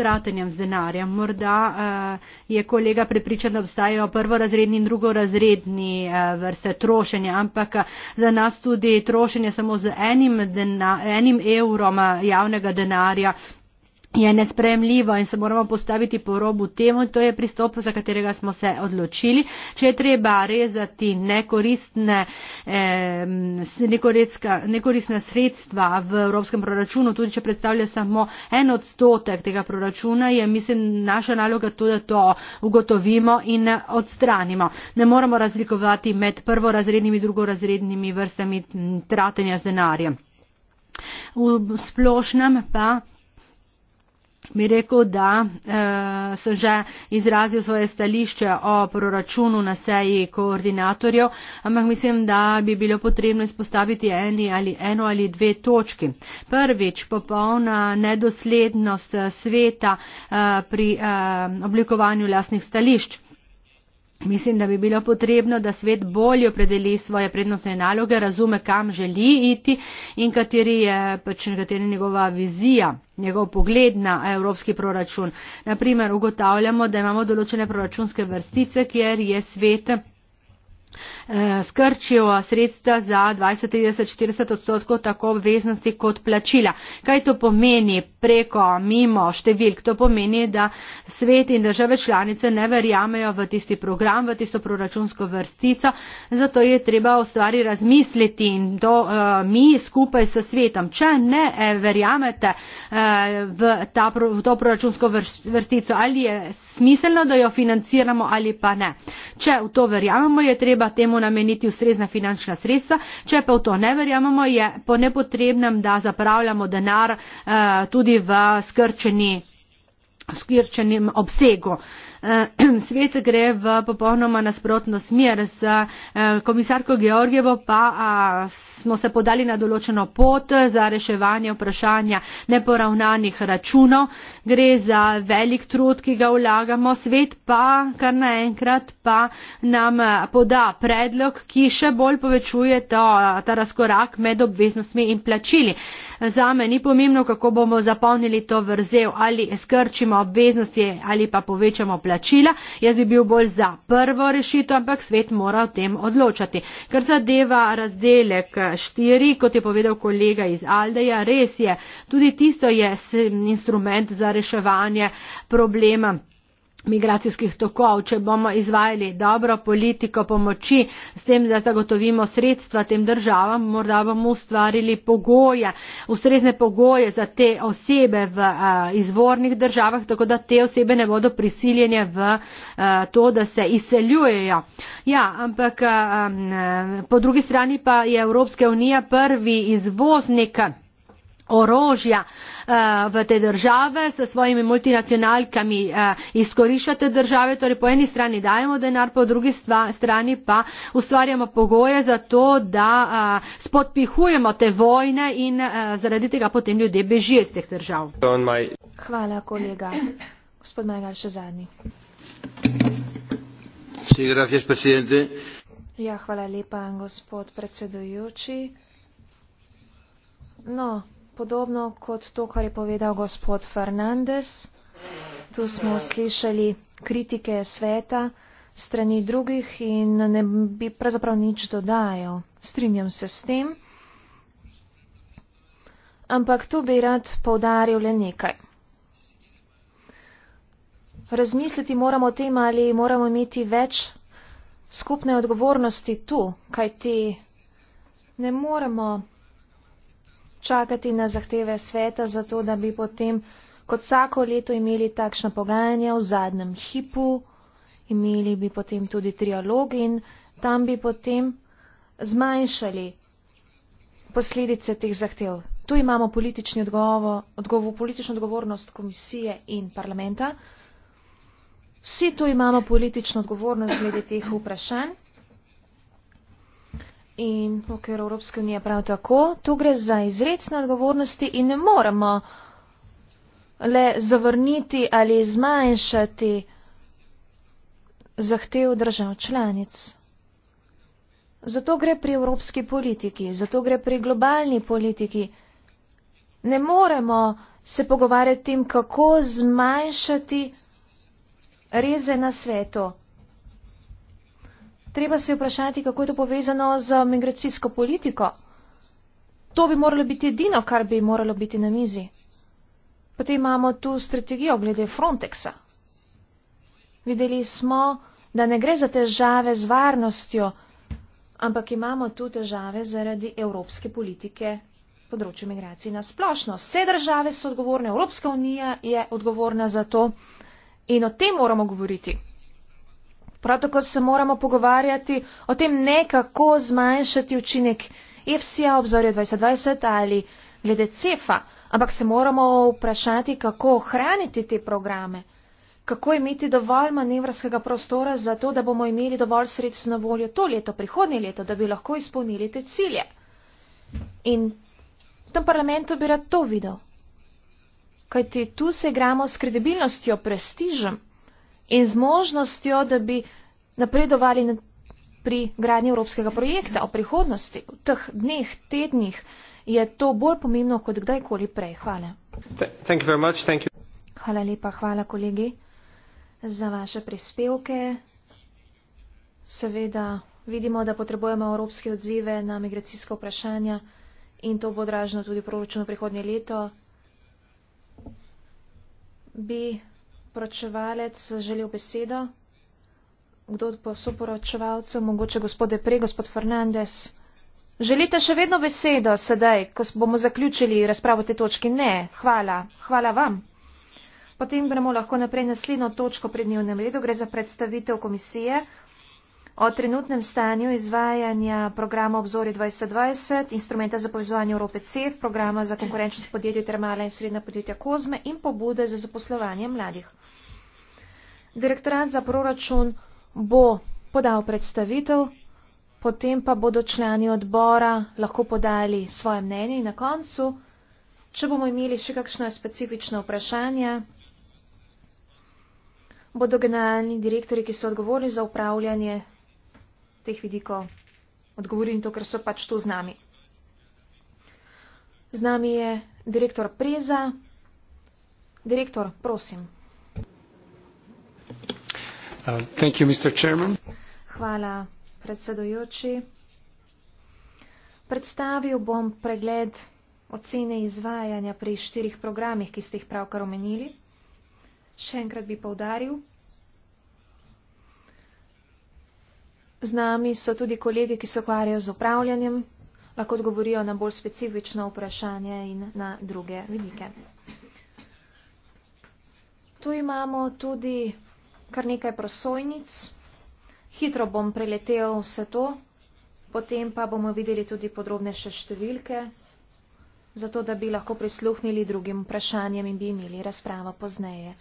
tratenjem z denarjem. Morda uh, je kolega prepričan, da obstajajo prvorazredni in drugorazredni uh, vrste trošenja, ampak eh, za nas tudi trošenje samo z enim, dena, enim evrom javnega denarja je nespremljivo in se moramo postaviti po robu temu in to je pristop, za katerega smo se odločili. Če je treba rezati nekoristne, eh, nekoristna sredstva v evropskem proračunu, tudi če predstavlja samo en odstotek tega proračuna, je mislim naša naloga to, da to ugotovimo in odstranimo. Ne moramo razlikovati med prvorazrednimi in drugorazrednimi vrstami tratenja z denarjem. V splošnem pa bi rekel, da eh, sem že izrazil svoje stališče o proračunu na seji koordinatorjev, ampak mislim, da bi bilo potrebno izpostaviti eni ali eno ali dve točki. Prvič, popolna nedoslednost eh, sveta eh, pri eh, oblikovanju lasnih stališč. Mislim, da bi bilo potrebno, da svet bolje opredeli svoje prednostne naloge, razume, kam želi iti in kateri je, pač kateri je njegova vizija, njegov pogled na evropski proračun. Naprimer, ugotavljamo, da imamo določene proračunske vrstice, kjer je svet skrčijo sredstva za 20, 30, 40 odstotkov tako obveznosti kot plačila. Kaj to pomeni preko, mimo številk? To pomeni, da svet in države članice ne verjamejo v tisti program, v tisto proračunsko vrstico, zato je treba v stvari razmisliti in to uh, mi skupaj s svetom. Če ne eh, verjamete eh, v, ta, v to proračunsko vrstico, ali je smiselno, da jo financiramo ali pa ne. Če v to verjamemo, je treba temu temu nameniti ustrezna finančna sredstva. Če pa v to ne verjamemo, je po nepotrebnem, da zapravljamo denar eh, tudi v skrčeni, skrčenem obsegu. Eh, svet gre v popolnoma nasprotno smer. Z eh, komisarko Georgijevo pa smo se podali na določeno pot za reševanje vprašanja neporavnanih računov. Gre za velik trud, ki ga vlagamo. Svet pa kar naenkrat pa nam eh, poda predlog, ki še bolj povečuje to, ta razkorak med obveznostmi in plačili zame ni pomembno, kako bomo zapolnili to vrzel, ali skrčimo obveznosti ali pa povečamo plačila. Jaz bi bil bolj za prvo rešitev, ampak svet mora o tem odločati. Ker zadeva razdelek štiri, kot je povedal kolega iz Aldeja, res je, tudi tisto je instrument za reševanje problema migracijskih tokov, če bomo izvajali dobro politiko pomoči s tem, da zagotovimo sredstva tem državam, morda bomo ustvarili pogoje, ustrezne pogoje za te osebe v a, eh, izvornih državah, tako da te osebe ne bodo prisiljene v a, eh, to, da se izseljujejo. Ja, ampak a, eh, a, po drugi strani pa je Evropska unija prvi izvoznik orožja eh, v te države, s svojimi multinacionalkami eh, izkoriščate države, torej po eni strani dajemo denar, po drugi strani pa ustvarjamo pogoje za to, da eh, spodpihujemo te vojne in zaradi tega potem ljudje bežijo iz teh držav. Hvala, kolega. Gospod Majgal, še zadnji. Ja, hvala lepa, gospod predsedujoči. No, Podobno kot to, kar je povedal gospod Fernandez, tu smo slišali kritike sveta strani drugih in ne bi pravzaprav nič dodajal. Strinjam se s tem. Ampak tu bi rad povdaril le nekaj. Razmisliti moramo o tem, ali moramo imeti več skupne odgovornosti tu, kajti ne moremo čakati na zahteve sveta, zato da bi potem, kot vsako leto, imeli takšna pogajanja v zadnjem hipu, imeli bi potem tudi trialogi in tam bi potem zmanjšali posledice teh zahtev. Tu imamo odgovor, odgovor, politično odgovornost komisije in parlamenta. Vsi tu imamo politično odgovornost glede teh vprašanj in v okviru Evropske unije prav tako. Tu gre za izredne odgovornosti in ne moremo le zavrniti ali zmanjšati zahtev držav članic. Zato gre pri evropski politiki, zato gre pri globalni politiki. Ne moremo se pogovarjati tem, kako zmanjšati reze na svetu. Treba se vprašati, kako je to povezano z migracijsko politiko. To bi moralo biti edino, kar bi moralo biti na mizi. Potem imamo tu strategijo glede Frontexa. Videli smo, da ne gre za težave z varnostjo, ampak imamo tu težave zaradi evropske politike področju migracij na splošno. Vse države so odgovorne, Evropska unija je odgovorna za to in o tem moramo govoriti. Prav tako se moramo pogovarjati o tem ne kako zmanjšati učinek EFSI-ja obzorja 2020 ali glede CEFA, ampak se moramo vprašati, kako ohraniti te programe, kako imeti dovolj manevrskega prostora za to, da bomo imeli dovolj sredstv na voljo to leto, prihodnje leto, da bi lahko izpolnili te cilje. In v tem parlamentu bi rad to videl. Kajti tu se igramo s kredibilnostjo, prestižem in z možnostjo, da bi napredovali pri gradnji evropskega projekta o prihodnosti. V teh dneh, tednih je to bolj pomembno kot kdajkoli prej. Hvala. Thank you very much. Thank you. Hvala lepa, hvala kolegi za vaše prispevke. Seveda vidimo, da potrebujemo evropske odzive na migracijske vprašanja in to bo dražno tudi v proračunu prihodnje leto. Bi poročevalec želel besedo? Kdo od soporočevalcev? Mogoče gospod Depre, gospod Fernandez. Želite še vedno besedo sedaj, ko bomo zaključili razpravo te točke? Ne, hvala. Hvala vam. Potem gremo lahko naprej naslednjo točko pred dnevnem redu. Gre za predstavitev komisije o trenutnem stanju izvajanja programa Obzori 2020, instrumenta za povezovanje Evrope CEF, programa za konkurenčnost podjetja Termala in srednja podjetja Kozme in pobude za zaposlovanje mladih. Direktorat za proračun bo podal predstavitev, potem pa bodo člani odbora lahko podali svoje mnenje in na koncu, če bomo imeli še kakšna specifična vprašanja, bodo generalni direktori, ki so odgovorni za upravljanje teh vidikov odgovorili, to, ker so pač tu z nami. Z nami je direktor Preza. Direktor, prosim. Uh, thank you, Mr. Chairman. Hvala, predsedojoči. Predstavil bom pregled ocene izvajanja pri štirih programih, ki ste jih pravkar omenili. Še enkrat bi povdaril, Z nami so tudi kolegi, ki se ukvarjajo z upravljanjem, lahko odgovorijo na bolj specifično vprašanje in na druge vidike. Tu imamo tudi kar nekaj prosojnic. Hitro bom preletel vse to, potem pa bomo videli tudi podrobnejše številke, zato da bi lahko prisluhnili drugim vprašanjem in bi imeli razpravo pozneje.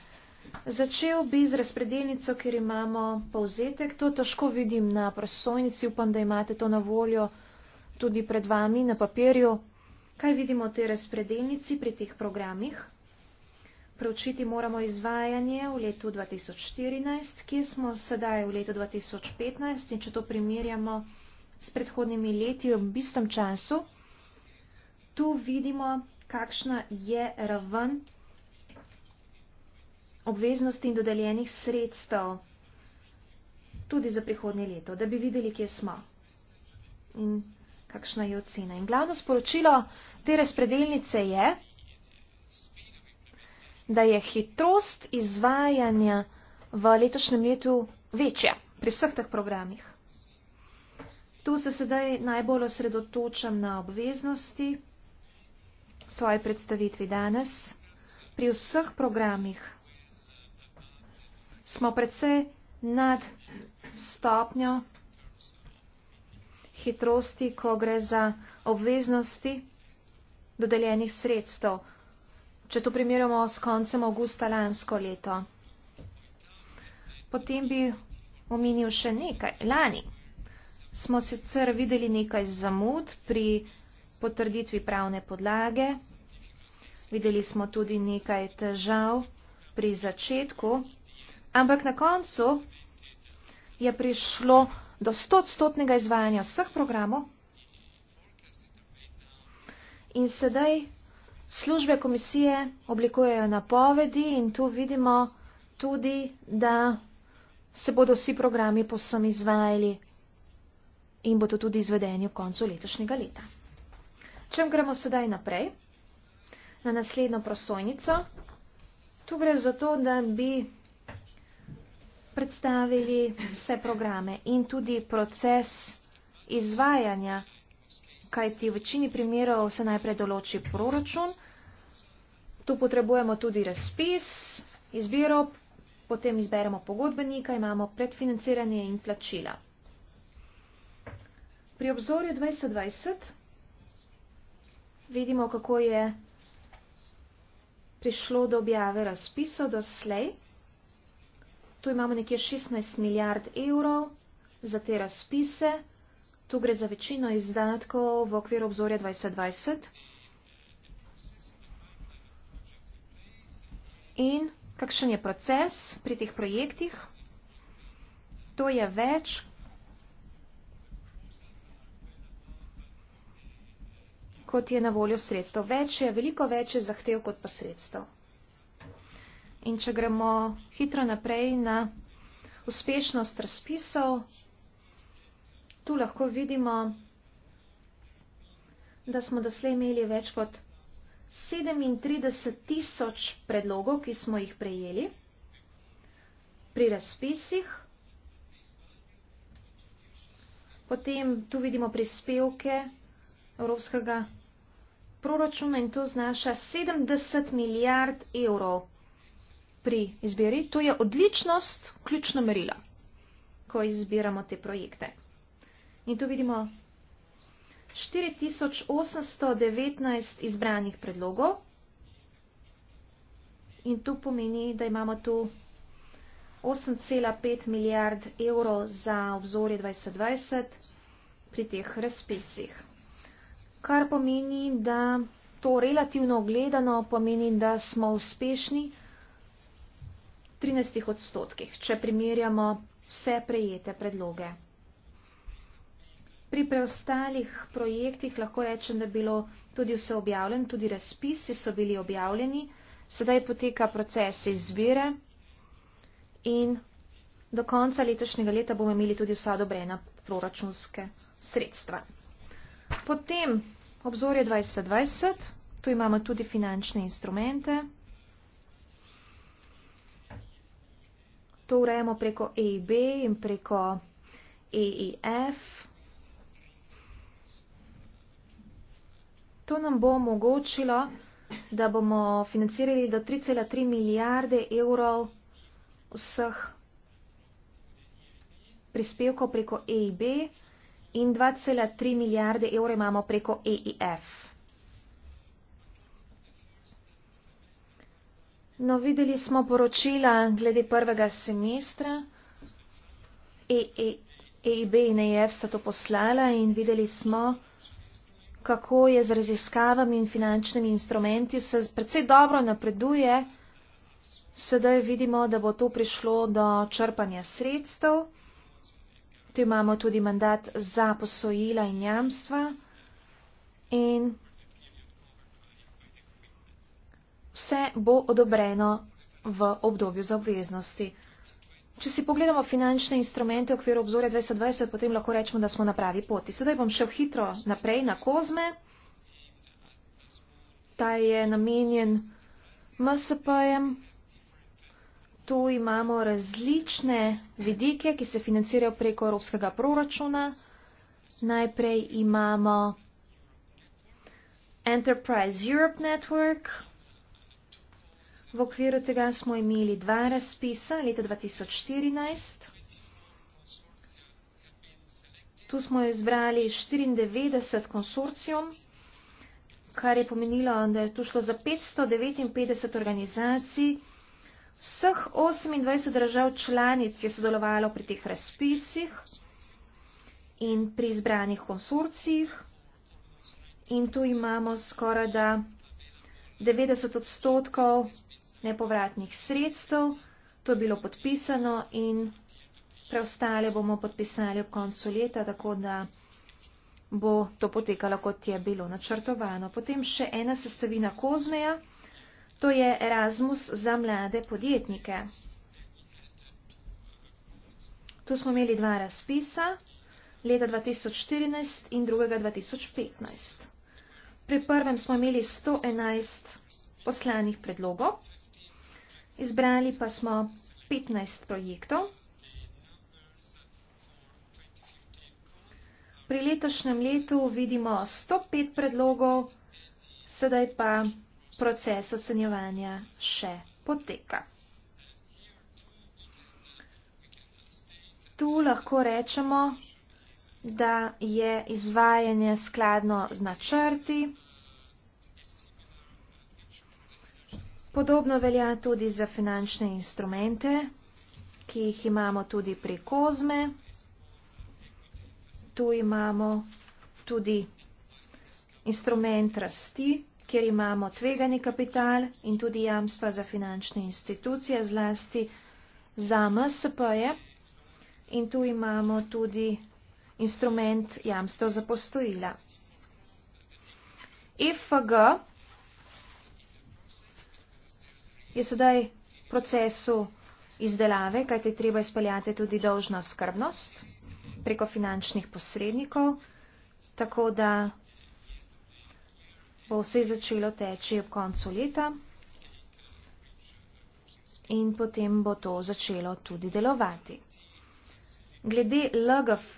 Začel bi z razpredelnico, ker imamo povzetek. To težko vidim na prosojnici. Upam, da imate to na voljo tudi pred vami na papirju. Kaj vidimo v tej razpredelnici pri teh programih? Preučiti moramo izvajanje v letu 2014, kje smo sedaj v letu 2015 in če to primerjamo s predhodnimi leti v bistem času, tu vidimo, kakšna je raven obveznosti in dodeljenih sredstev tudi za prihodnje leto, da bi videli, kje smo in kakšna je ocena. In glavno sporočilo te razpredelnice je, da je hitrost izvajanja v letošnjem letu večja pri vseh teh programih. Tu se sedaj najbolj osredotočam na obveznosti svoje predstavitvi danes. Pri vseh programih smo predvsej nad stopnjo hitrosti, ko gre za obveznosti dodeljenih sredstev, če to primerjamo s koncem avgusta lansko leto. Potem bi omenil še nekaj. Lani smo sicer videli nekaj zamud pri potrditvi pravne podlage, videli smo tudi nekaj težav pri začetku ampak na koncu je prišlo do stotstotnega izvajanja vseh programov in sedaj službe komisije oblikujejo napovedi in tu vidimo tudi, da se bodo vsi programi posem izvajali in bo to tudi izvedenje v koncu letošnjega leta. Čem gremo sedaj naprej? Na naslednjo prosojnico. Tu gre za to, da bi predstavili vse programe in tudi proces izvajanja, kajti v večini primerov se najprej določi proračun. Tu potrebujemo tudi razpis, izbiro, potem izberemo pogodbenika, imamo predfinanciranje in plačila. Pri obzorju 2020 vidimo, kako je prišlo do objave razpisa do slej. Tu imamo nekje 16 milijard evrov za te razpise. Tu gre za večino izdatkov v okviru obzorja 2020. In kakšen je proces pri teh projektih? To je več kot je na voljo sredstvo. Več je, veliko več je zahtev kot pa sredstvo. In če gremo hitro naprej na uspešnost razpisov, tu lahko vidimo, da smo doslej imeli več kot 37 tisoč predlogov, ki smo jih prejeli pri razpisih. Potem tu vidimo prispevke Evropskega proračuna in to znaša 70 milijard evrov pri izbiri, to je odličnost, ključno merilo, ko izbiramo te projekte. In tu vidimo 4819 izbranih predlogov. In to pomeni, da imamo tu 8,5 milijard evrov za obzorje 2020 pri teh razpisih. Kar pomeni, da to relativno gledano pomeni, da smo uspešni. 13 odstotkih, če primerjamo vse prejete predloge. Pri preostalih projektih lahko rečem, da je bilo tudi vse objavljeno, tudi razpisi so bili objavljeni, sedaj poteka proces izbire in do konca letošnjega leta bomo imeli tudi vsa dobrena proračunske sredstva. Potem obzorje 2020, tu imamo tudi finančne instrumente. to urejamo preko AB in preko AEF. To nam bo omogočilo, da bomo financirali do 3,3 milijarde evrov vseh prispevkov preko AIB in 2,3 milijarde evrov imamo preko AIF. E No, videli smo poročila glede prvega semestra. EIB e, e in EF sta to poslala in videli smo, kako je z raziskavami in finančnimi instrumenti vse predvsej dobro napreduje. Sedaj vidimo, da bo to prišlo do črpanja sredstev. Tu imamo tudi mandat za posojila in jamstva. In vse bo odobreno v obdobju za obveznosti. Če si pogledamo finančne instrumente v okviru obzorja 2020, potem lahko rečemo, da smo na pravi poti. Sedaj bom šel hitro naprej na kozme. Ta je namenjen MSP-jem. Tu imamo različne vidike, ki se financirajo preko evropskega proračuna. Najprej imamo Enterprise Europe Network. V okviru tega smo imeli dva razpisa leta 2014. Tu smo izbrali 94 konsorcijum, kar je pomenilo, da je tu šlo za 559 organizacij. Vseh 28 držav članic je sodelovalo pri teh razpisih in pri izbranih konsorcijih. In tu imamo skoraj da 90 odstotkov nepovratnih sredstev. To je bilo podpisano in preostale bomo podpisali ob koncu leta, tako da bo to potekalo, kot je bilo načrtovano. Potem še ena sestavina Kozmeja, to je Erasmus za mlade podjetnike. Tu smo imeli dva razpisa, leta 2014 in drugega 2015. Pri prvem smo imeli 111 poslanih predlogov, izbrali pa smo 15 projektov. Pri letošnjem letu vidimo 105 predlogov, sedaj pa proces ocenjevanja še poteka. Tu lahko rečemo, da je izvajanje skladno z načrti. Podobno velja tudi za finančne instrumente, ki jih imamo tudi pri kozme. Tu imamo tudi instrument rasti, kjer imamo tvegani kapital in tudi jamstva za finančne institucije, zlasti za MSP-je. In tu imamo tudi instrument jamstva za postojila. IFG e je sedaj v procesu izdelave, kajte treba izpeljati tudi dolžno skrbnost preko finančnih posrednikov, tako da bo vse začelo teči ob koncu leta in potem bo to začelo tudi delovati. Glede LGF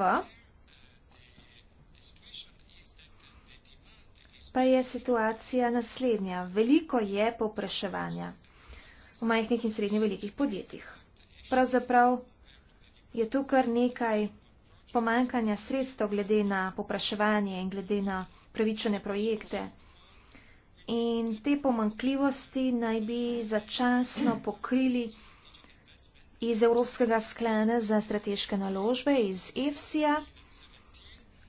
pa je situacija naslednja. Veliko je popraševanja v majhnih in srednje velikih podjetjih. Pravzaprav je tu kar nekaj pomankanja sredstev glede na popraševanje in glede na pravičene projekte. In te pomankljivosti naj bi začasno pokrili iz Evropskega sklana za strateške naložbe, iz EFSI-ja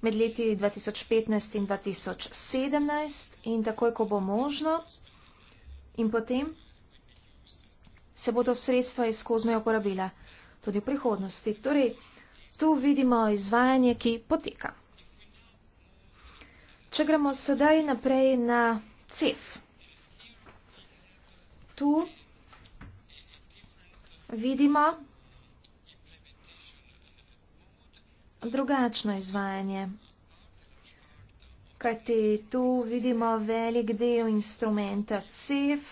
med leti 2015 in 2017 in takoj, ko bo možno. In potem se bodo sredstva iz kozmeja uporabila tudi v prihodnosti. Torej, tu vidimo izvajanje, ki poteka. Če gremo sedaj naprej na CEF. Tu vidimo drugačno izvajanje, kajti tu vidimo velik del instrumenta CEF,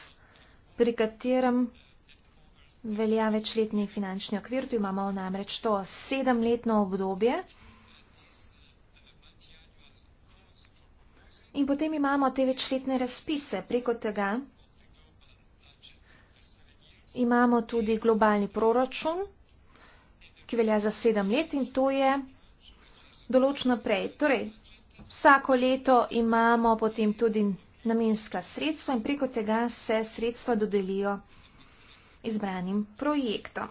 pri katerem velja večletni finančni okvir, tu imamo namreč to sedemletno obdobje. In potem imamo te večletne razpise. Preko tega imamo tudi globalni proračun, ki velja za sedem let in to je določeno prej. Torej, vsako leto imamo potem tudi namenska sredstva in preko tega se sredstva dodelijo izbranim projektom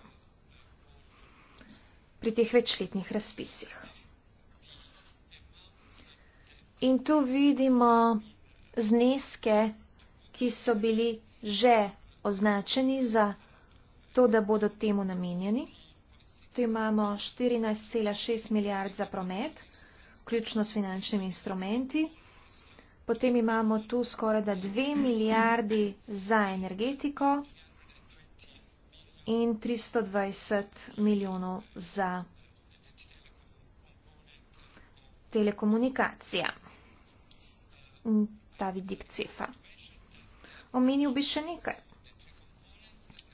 pri teh večletnih razpisih. In tu vidimo zneske, ki so bili že označeni za to, da bodo temu namenjeni. Tu imamo 14,6 milijard za promet, vključno s finančnimi instrumenti. Potem imamo tu skoraj da 2 milijardi za energetiko, in 320 milijonov za telekomunikacije. Ta vidik cefa. Omenil bi še nekaj.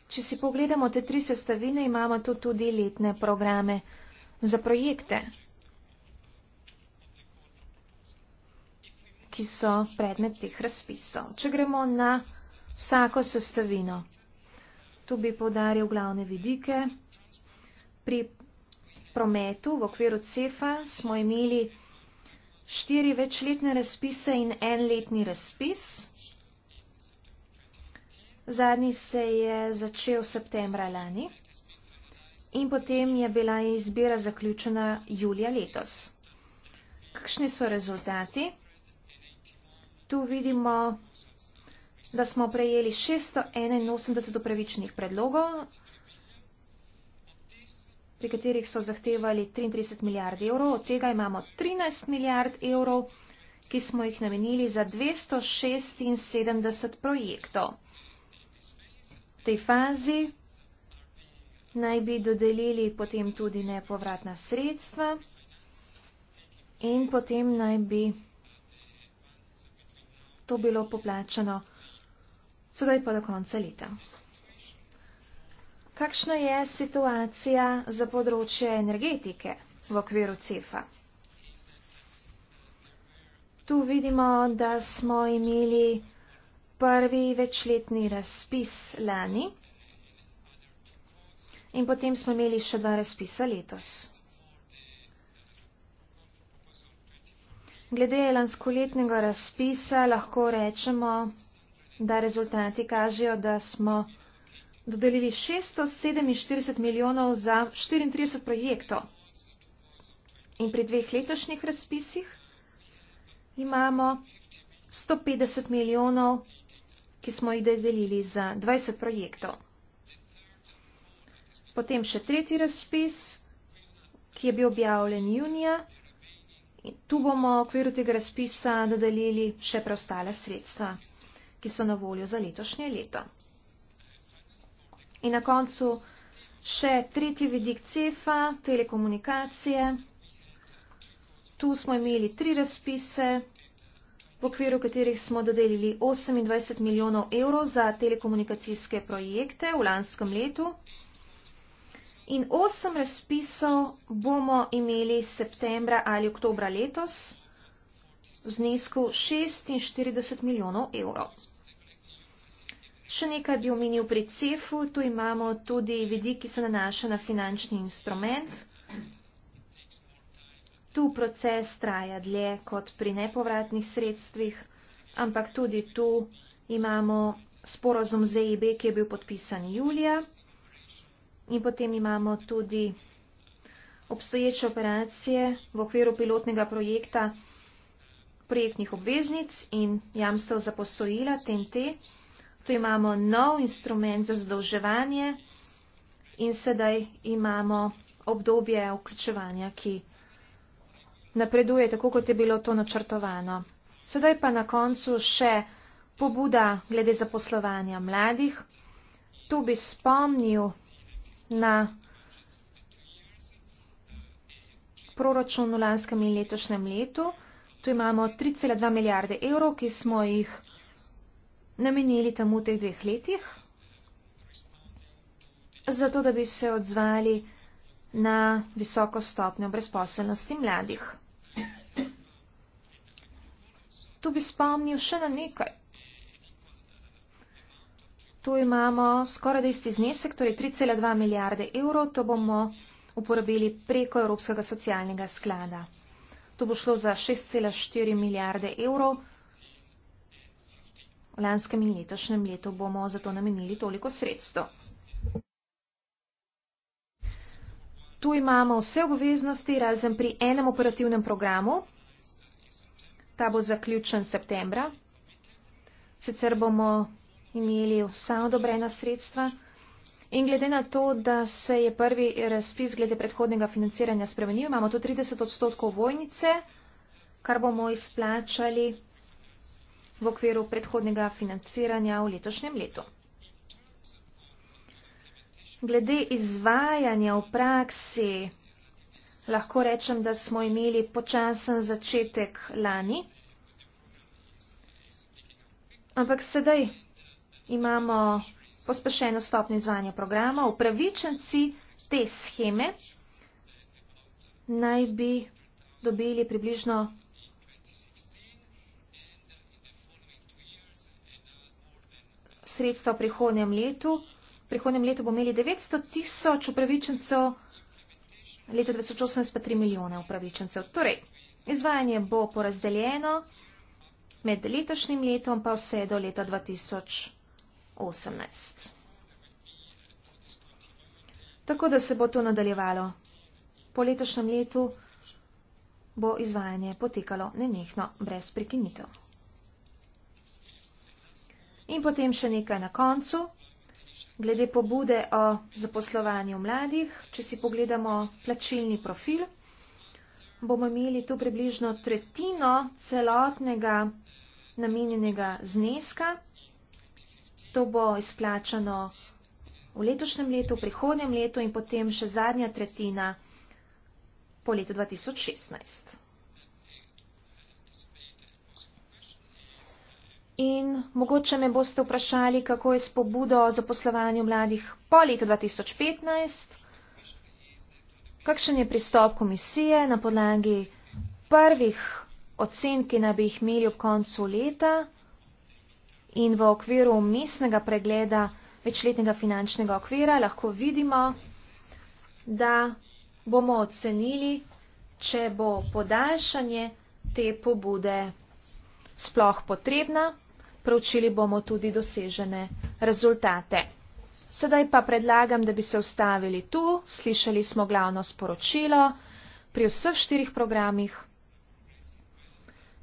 Če si pogledamo te tri sestavine, imamo tu tudi letne programe za projekte, ki so predmet teh razpisov. Če gremo na vsako sestavino, Tu bi podaril glavne vidike. Pri prometu v okviru CEFA smo imeli štiri večletne razpise in en letni razpis. Zadnji se je začel septembra lani in potem je bila izbira zaključena julija letos. Kakšni so rezultati? Tu vidimo da smo prejeli 681 upravičnih predlogov, pri katerih so zahtevali 33 milijard evrov. Od tega imamo 13 milijard evrov, ki smo jih namenili za 276 projektov. V tej fazi naj bi dodelili potem tudi nepovratna sredstva in potem naj bi to bilo poplačeno sedaj pa do konca leta. Kakšna je situacija za področje energetike v okviru CEFA? Tu vidimo, da smo imeli prvi večletni razpis lani in potem smo imeli še dva razpisa letos. Glede lanskoletnega razpisa lahko rečemo, da rezultati kažejo, da smo dodelili 647 milijonov za 34 projektov. In pri dveh letošnjih razpisih imamo 150 milijonov, ki smo jih dodelili za 20 projektov. Potem še tretji razpis, ki je bil objavljen junija. Tu bomo v okviru tega razpisa dodelili še preostale sredstva ki so na voljo za letošnje leto. In na koncu še tretji vidik CEFA, telekomunikacije. Tu smo imeli tri razpise, v okviru katerih smo dodelili 28 milijonov evrov za telekomunikacijske projekte v lanskem letu. In osem razpisov bomo imeli septembra ali oktobra letos v znesku 46 milijonov evrov. Še nekaj bi omenil pri CEF-u, tu imamo tudi vidik, ki se nanaša na finančni instrument. Tu proces traja dlje kot pri nepovratnih sredstvih, ampak tudi tu imamo sporozum z EIB, ki je bil podpisan julija. In potem imamo tudi obstoječe operacije v okviru pilotnega projekta projektnih obveznic in jamstev za posojila TNT. Tu imamo nov instrument za zadolževanje in sedaj imamo obdobje vključevanja, ki napreduje tako, kot je bilo to načrtovano. Sedaj pa na koncu še pobuda glede zaposlovanja mladih. Tu bi spomnil na proračun v lanskem in letošnjem letu. Tu imamo 3,2 milijarde evrov, ki smo jih namenili tam v teh dveh letih, zato da bi se odzvali na visoko stopnjo brezposelnosti mladih. Tu bi spomnil še na nekaj. Tu imamo skoraj isti znesek, torej 3,2 milijarde evrov, to bomo uporabili preko Evropskega socialnega sklada. To bo šlo za 6,4 milijarde evrov. V lanskem in letošnjem letu bomo zato namenili toliko sredstvo. Tu imamo vse obveznosti, razen pri enem operativnem programu. Ta bo zaključen septembra. Sicer bomo imeli vsa odobrena sredstva. In glede na to, da se je prvi razpis glede predhodnega financiranja spremenil, imamo tu 30 odstotkov vojnice, kar bomo izplačali v okviru predhodnega financiranja v letošnjem letu. Glede izvajanja v praksi, lahko rečem, da smo imeli počasen začetek lani, ampak sedaj imamo pospešeno stopnjo izvanja programa, upravičenci te scheme naj bi dobili približno 2016, sredstva v prihodnjem letu. V prihodnjem letu bomo imeli 900 tisoč upravičencev, leta 2018 pa 3 milijone upravičencev. Torej, izvajanje bo porazdeljeno med letošnjim letom pa vse do leta 2020. 18. Tako da se bo to nadaljevalo. Po letošnjem letu bo izvajanje potekalo nenehno, brez prekinitev. In potem še nekaj na koncu. Glede pobude o zaposlovanju mladih, če si pogledamo plačilni profil, bomo imeli tu približno tretjino celotnega namenjenega zneska, to bo izplačano v letošnjem letu, v prihodnjem letu in potem še zadnja tretjina po letu 2016. In mogoče me boste vprašali, kako je s pobudo o zaposlovanju mladih po letu 2015, kakšen je pristop komisije na podlagi prvih ocen, ki naj bi jih imeli ob koncu leta in v okviru mestnega pregleda večletnega finančnega okvira lahko vidimo, da bomo ocenili, če bo podaljšanje te pobude sploh potrebna, pravčili bomo tudi dosežene rezultate. Sedaj pa predlagam, da bi se ustavili tu, slišali smo glavno sporočilo pri vseh štirih programih.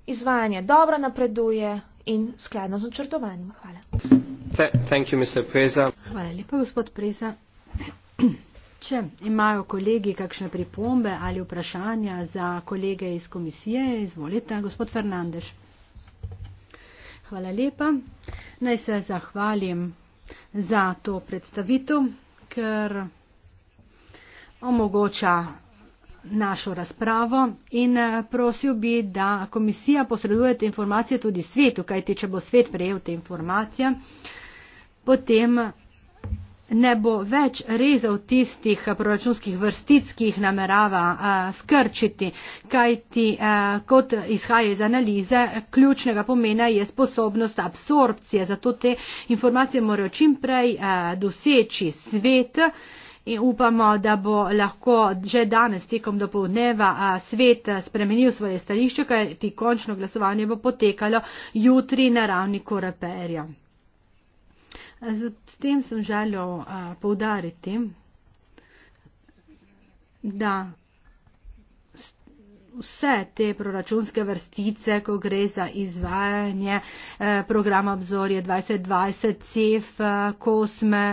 Izvajanje dobro napreduje, in skladno z načrtovanjem. Hvala. Thank you, Mr. Preza. Hvala lepa, gospod Preza. Če imajo kolegi kakšne pripombe ali vprašanja za kolege iz komisije, izvolite, gospod Fernandeš. Hvala lepa. Naj se zahvalim za to predstavitev, ker omogoča našo razpravo in eh, prosil bi, da komisija posreduje te informacije tudi svetu, kajti če bo svet prejel te informacije, potem ne bo več rezal tistih eh, proračunskih vrstic, ki jih namerava eh, skrčiti, kajti kot izhaja iz analize, ključnega pomena je sposobnost absorpcije, zato te informacije morajo čimprej doseči svet in upamo, da bo lahko že danes tekom dopoldneva svet spremenil svoje stališče, kaj ti končno glasovanje bo potekalo jutri na ravni koreperja. Z tem sem želel poudariti, da vse te proračunske vrstice, ko gre za izvajanje eh, programa obzorje 2020, CEF, COSME,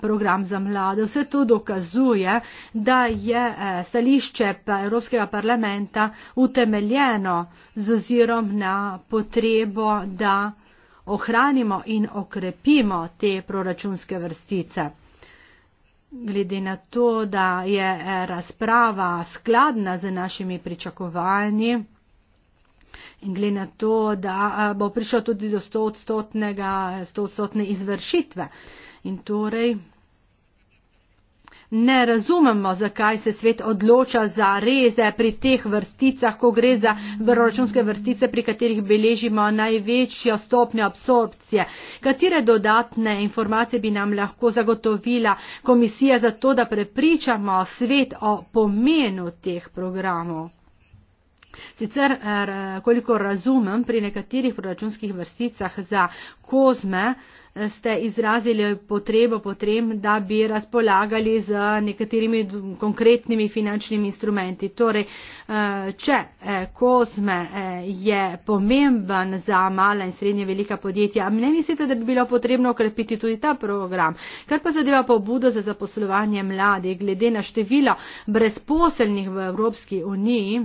program za mlade. Vse to dokazuje, da je eh, stališče Evropskega parlamenta utemeljeno z ozirom na potrebo, da ohranimo in okrepimo te proračunske vrstice glede na to, da je razprava skladna z našimi pričakovanji in glede na to, da eh, bo prišlo tudi do 100-odstotne izvršitve. In torej ne razumemo, zakaj se svet odloča za reze pri teh vrsticah, ko gre za proračunske vrstice, pri katerih beležimo največjo stopnjo absorpcije. Katere dodatne informacije bi nam lahko zagotovila komisija za to, da prepričamo svet o pomenu teh programov? Sicer, koliko razumem, pri nekaterih proračunskih vrsticah za kozme, ste izrazili potrebo potrem, da bi razpolagali z nekaterimi konkretnimi finančnimi instrumenti. Torej, eh, če eh, kozme eh, je pomemben za mala in srednje velika podjetja, ne mislite, da bi bilo potrebno okrepiti tudi ta program? Kar pa zadeva pobudo za zaposlovanje mladi, glede na število brezposelnih v Evropski uniji,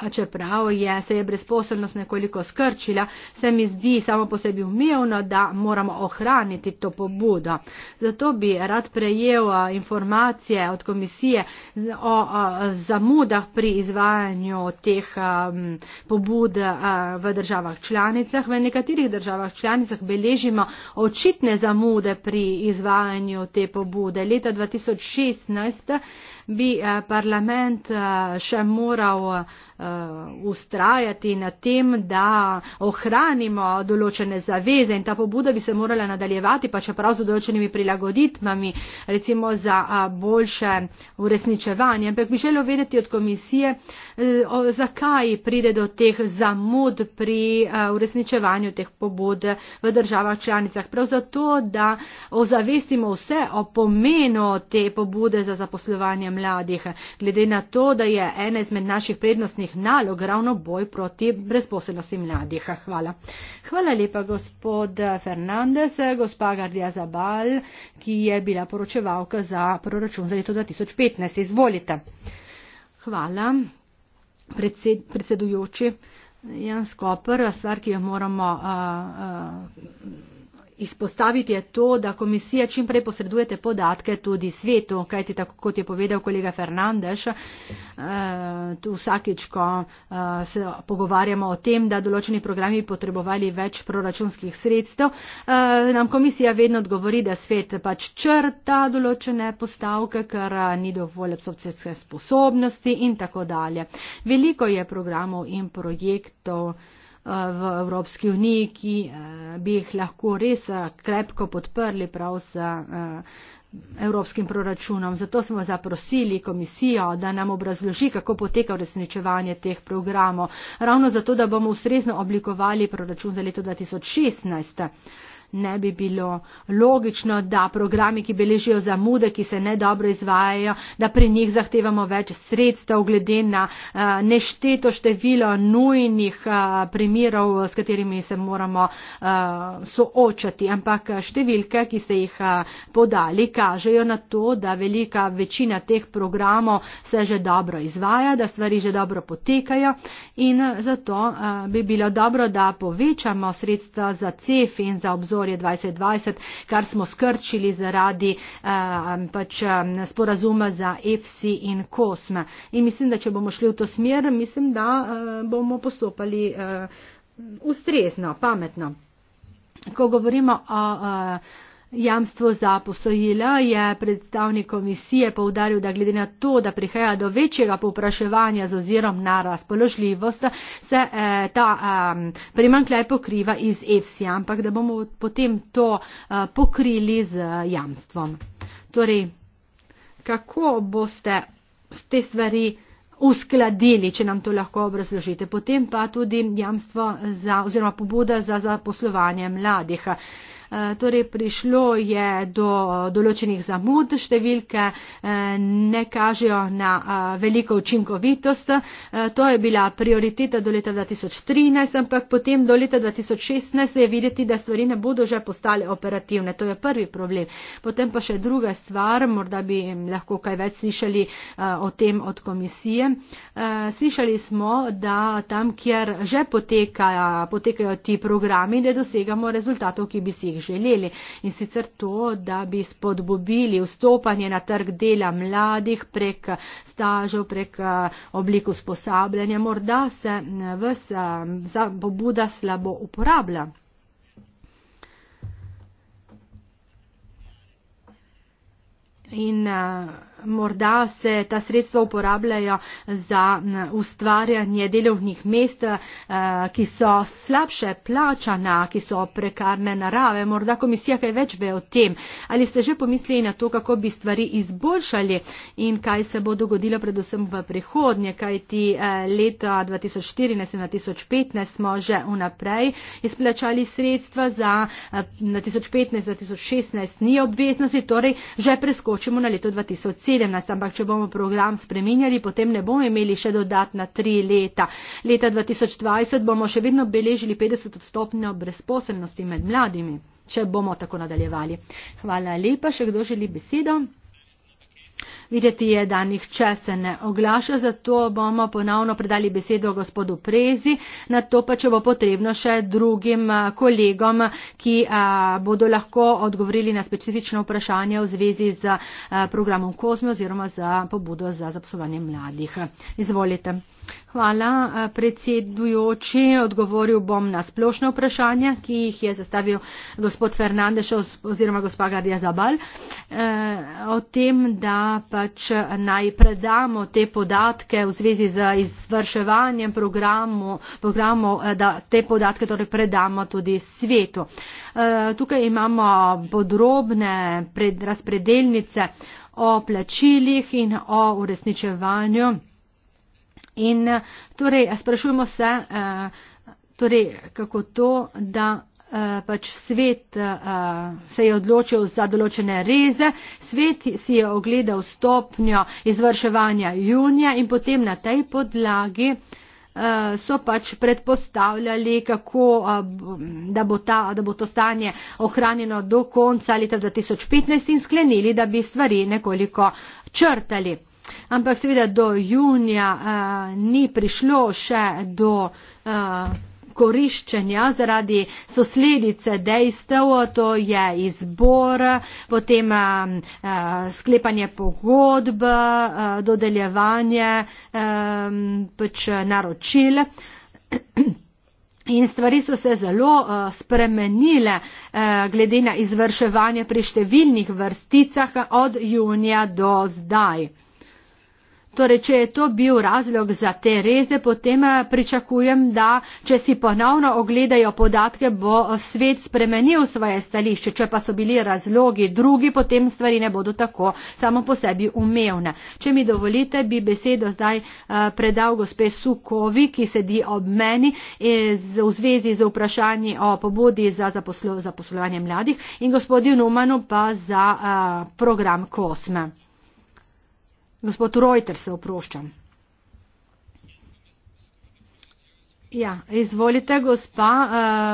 Pa čeprav je, se je brezposobnost nekoliko skrčila, se mi zdi samo po sebi umevno, da moramo ohraniti to pobudo. Zato bi rad prejel informacije od komisije o zamudah pri izvajanju teh pobud v državah članicah. V nekaterih državah članicah beležimo očitne zamude pri izvajanju te pobude. Leta 2016 bi parlament še moral uh, ustrajati na tem, da ohranimo določene zaveze in ta pobuda bi se morala nadaljevati, pa čeprav z določenimi prilagoditvami, recimo za uh, boljše uresničevanje. Ampak bi želel vedeti od komisije, uh, zakaj pride do teh zamud pri uh, uresničevanju teh pobud v državah članicah. Prav zato, da ozavestimo vse o pomenu te pobude za zaposlovanje mladih. Glede na to, da je ena izmed naših prednostnih socialnih nalog, ravno boj proti brezposelnosti mladih. Hvala. Hvala lepa, gospod Fernandez, gospa Gardija Zabal, ki je bila poročevalka za proračun za leto 2015. Izvolite. Hvala, predsed, predsedujoči. Jan Skoper, stvar, ki jo moramo. Uh, uh, izpostaviti je to, da komisija čim prej posredujete podatke tudi svetu, kajti tako kot je povedal kolega Fernandez, eh, tu vsakič, ko eh, se pogovarjamo o tem, da določeni programi potrebovali več proračunskih sredstev, eh, nam komisija vedno odgovori, da svet pač črta določene postavke, ker ni dovolj obsodske sposobnosti in tako dalje. Veliko je programov in projektov, Eh, v Evropski uniji, ki eh, bi jih lahko res eh, krepko podprli prav s evropskim proračunom. Zato smo zaprosili komisijo, da nam obrazloži, kako poteka uresničevanje teh programov. Ravno zato, da bomo ustrezno oblikovali proračun za leto 2016 ne bi bilo logično, da programi, ki beležijo zamude, ki se ne dobro izvajajo, da pri njih zahtevamo več sredstev, glede na eh, nešteto število nujnih eh, primerov, s katerimi se moramo eh, soočati. Ampak številke, ki ste jih podali, kažejo na to, da velika večina teh programov se že dobro izvaja, da stvari že dobro potekajo in zato bi bilo dobro, da povečamo sredstva za CEF in za obzor obzorje 2020, kar smo skrčili zaradi eh, pač sporazuma za EFSI in COSM. In mislim, da če bomo šli v to smer, mislim, da eh, bomo postopali eh, ustrezno, pametno. Ko govorimo o Jamstvo za posojila je predstavnik komisije povdaril, da glede na to, da prihaja do večjega povpraševanja z ozirom na razpoložljivost, se eh, ta eh, primankljaj pokriva iz EFSI, ampak da bomo potem to eh, pokrili z jamstvom. Torej, kako boste te stvari uskladili, če nam to lahko obrazložite. Potem pa tudi jamstvo za, oziroma pobuda za zaposlovanje mladih. Eh, Torej, prišlo je do določenih zamud, številke eh, ne kažejo na eh, veliko učinkovitost. Eh, to je bila prioriteta do leta 2013, ampak potem do leta 2016 je videti, da stvari ne bodo že postale operativne. To je prvi problem. Potem pa še druga stvar, morda bi lahko kaj več slišali o tem od komisije. Slišali smo, da tam, kjer že poteka, potekajo ti programi, ne dosegamo rezultatov, ki bi si jih jih želeli. In sicer to, da bi spodbobili vstopanje na trg dela mladih prek stažev, prek eh, oblik usposabljanja. Morda se eh, vsa eh, pobuda slabo uporablja. In uh, morda se ta sredstva uporabljajo za ustvarjanje delovnih mest, eh, ki so slabše plačana, ki so prekarne narave. Morda komisija kaj več ve o tem. Ali ste že pomislili na to, kako bi stvari izboljšali in kaj se bo dogodilo predvsem v prihodnje, kaj ti eh, leta 2014 in 2015 smo že vnaprej izplačali sredstva za 2015-2016 eh, ni obveznosti, torej že preskočimo na leto 2017. 2017, ampak če bomo program spremenjali, potem ne bomo imeli še dodatna tri leta. Leta 2020 bomo še vedno beležili 50 odstopnjo brezposelnosti med mladimi, če bomo tako nadaljevali. Hvala lepa, še kdo želi besedo? Videti je, da nihče se ne oglaša, zato bomo ponovno predali besedo gospodu Prezi, na to pa, če bo potrebno, še drugim kolegom, ki bodo lahko odgovorili na specifično vprašanje v zvezi z programom Kozme oziroma za pobudo za zaposlovanje mladih. Izvolite. Hvala, eh, predsedujoči. Odgovoril bom na splošno vprašanje, ki jih je zastavil gospod Fernandeš oziroma gospa Gardija Zabal, eh, o tem, da pač naj predamo te podatke v zvezi z izvrševanjem programu, programu, eh, da te podatke torej predamo tudi svetu. Tukaj imamo podrobne razpredelnice o plačilih in o uresničevanju In eh, torej, sprašujemo se, eh, torej, kako to, da eh, pač svet se je odločil za določene reze, svet si je ogledal stopnjo izvrševanja junija in potem na tej podlagi so pač predpostavljali, kako, da, bo ta, da bo to stanje ohranjeno do konca leta 2015 in sklenili, da bi stvari nekoliko črtali. Ampak seveda do junija uh, ni prišlo še do uh, koriščenja zaradi sosledice dejstev, to je izbor, potem uh, sklepanje pogodb, uh, dodeljevanje um, pač naročil. In stvari so se zelo uh, spremenile uh, glede na izvrševanje pri številnih vrsticah od junija do zdaj. Torej, če je to bil razlog za te reze, potem eh, pričakujem, da če si ponovno ogledajo podatke, bo eh, svet spremenil svoje stališče. Če pa so bili razlogi drugi, potem stvari ne bodo tako samo po sebi umevne. Če mi dovolite, bi besedo zdaj eh, predal gospe Sukovi, ki sedi ob meni v zvezi z vprašanji o pobudi za zaposlovanje mladih in gospodinu Manu pa za program Kosme. Gospod Reuter se oproščam. Ja, izvolite, gospa.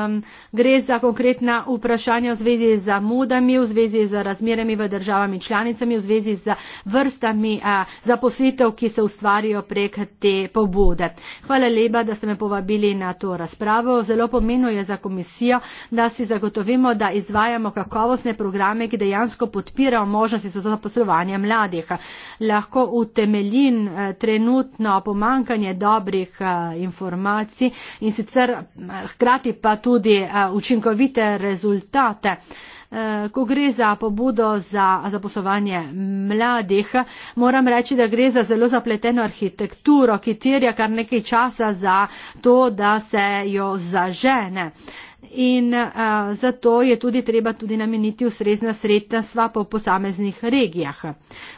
Um, gre za konkretna vprašanja v zvezi z zamudami, v zvezi z razmerami v državami članicami, v zvezi z vrstami uh, zaposlitev, ki se ustvarijo prek te pobude. Hvala lepa, da ste me povabili na to razpravo. Zelo pomeno je za komisijo, da si zagotovimo, da izvajamo kakovostne programe, ki dejansko podpirajo možnosti za zaposlovanje mladih. Lahko utemeljim uh, trenutno pomankanje dobrih uh, informacij prednosti in sicer eh, hkrati pa tudi eh, učinkovite rezultate. Eh, ko gre za pobudo za zaposlovanje mladih, moram reči, da gre za zelo zapleteno arhitekturo, ki terja kar nekaj časa za to, da se jo zažene in a, eh, zato je tudi treba tudi nameniti ustrezna sredstva po posameznih regijah.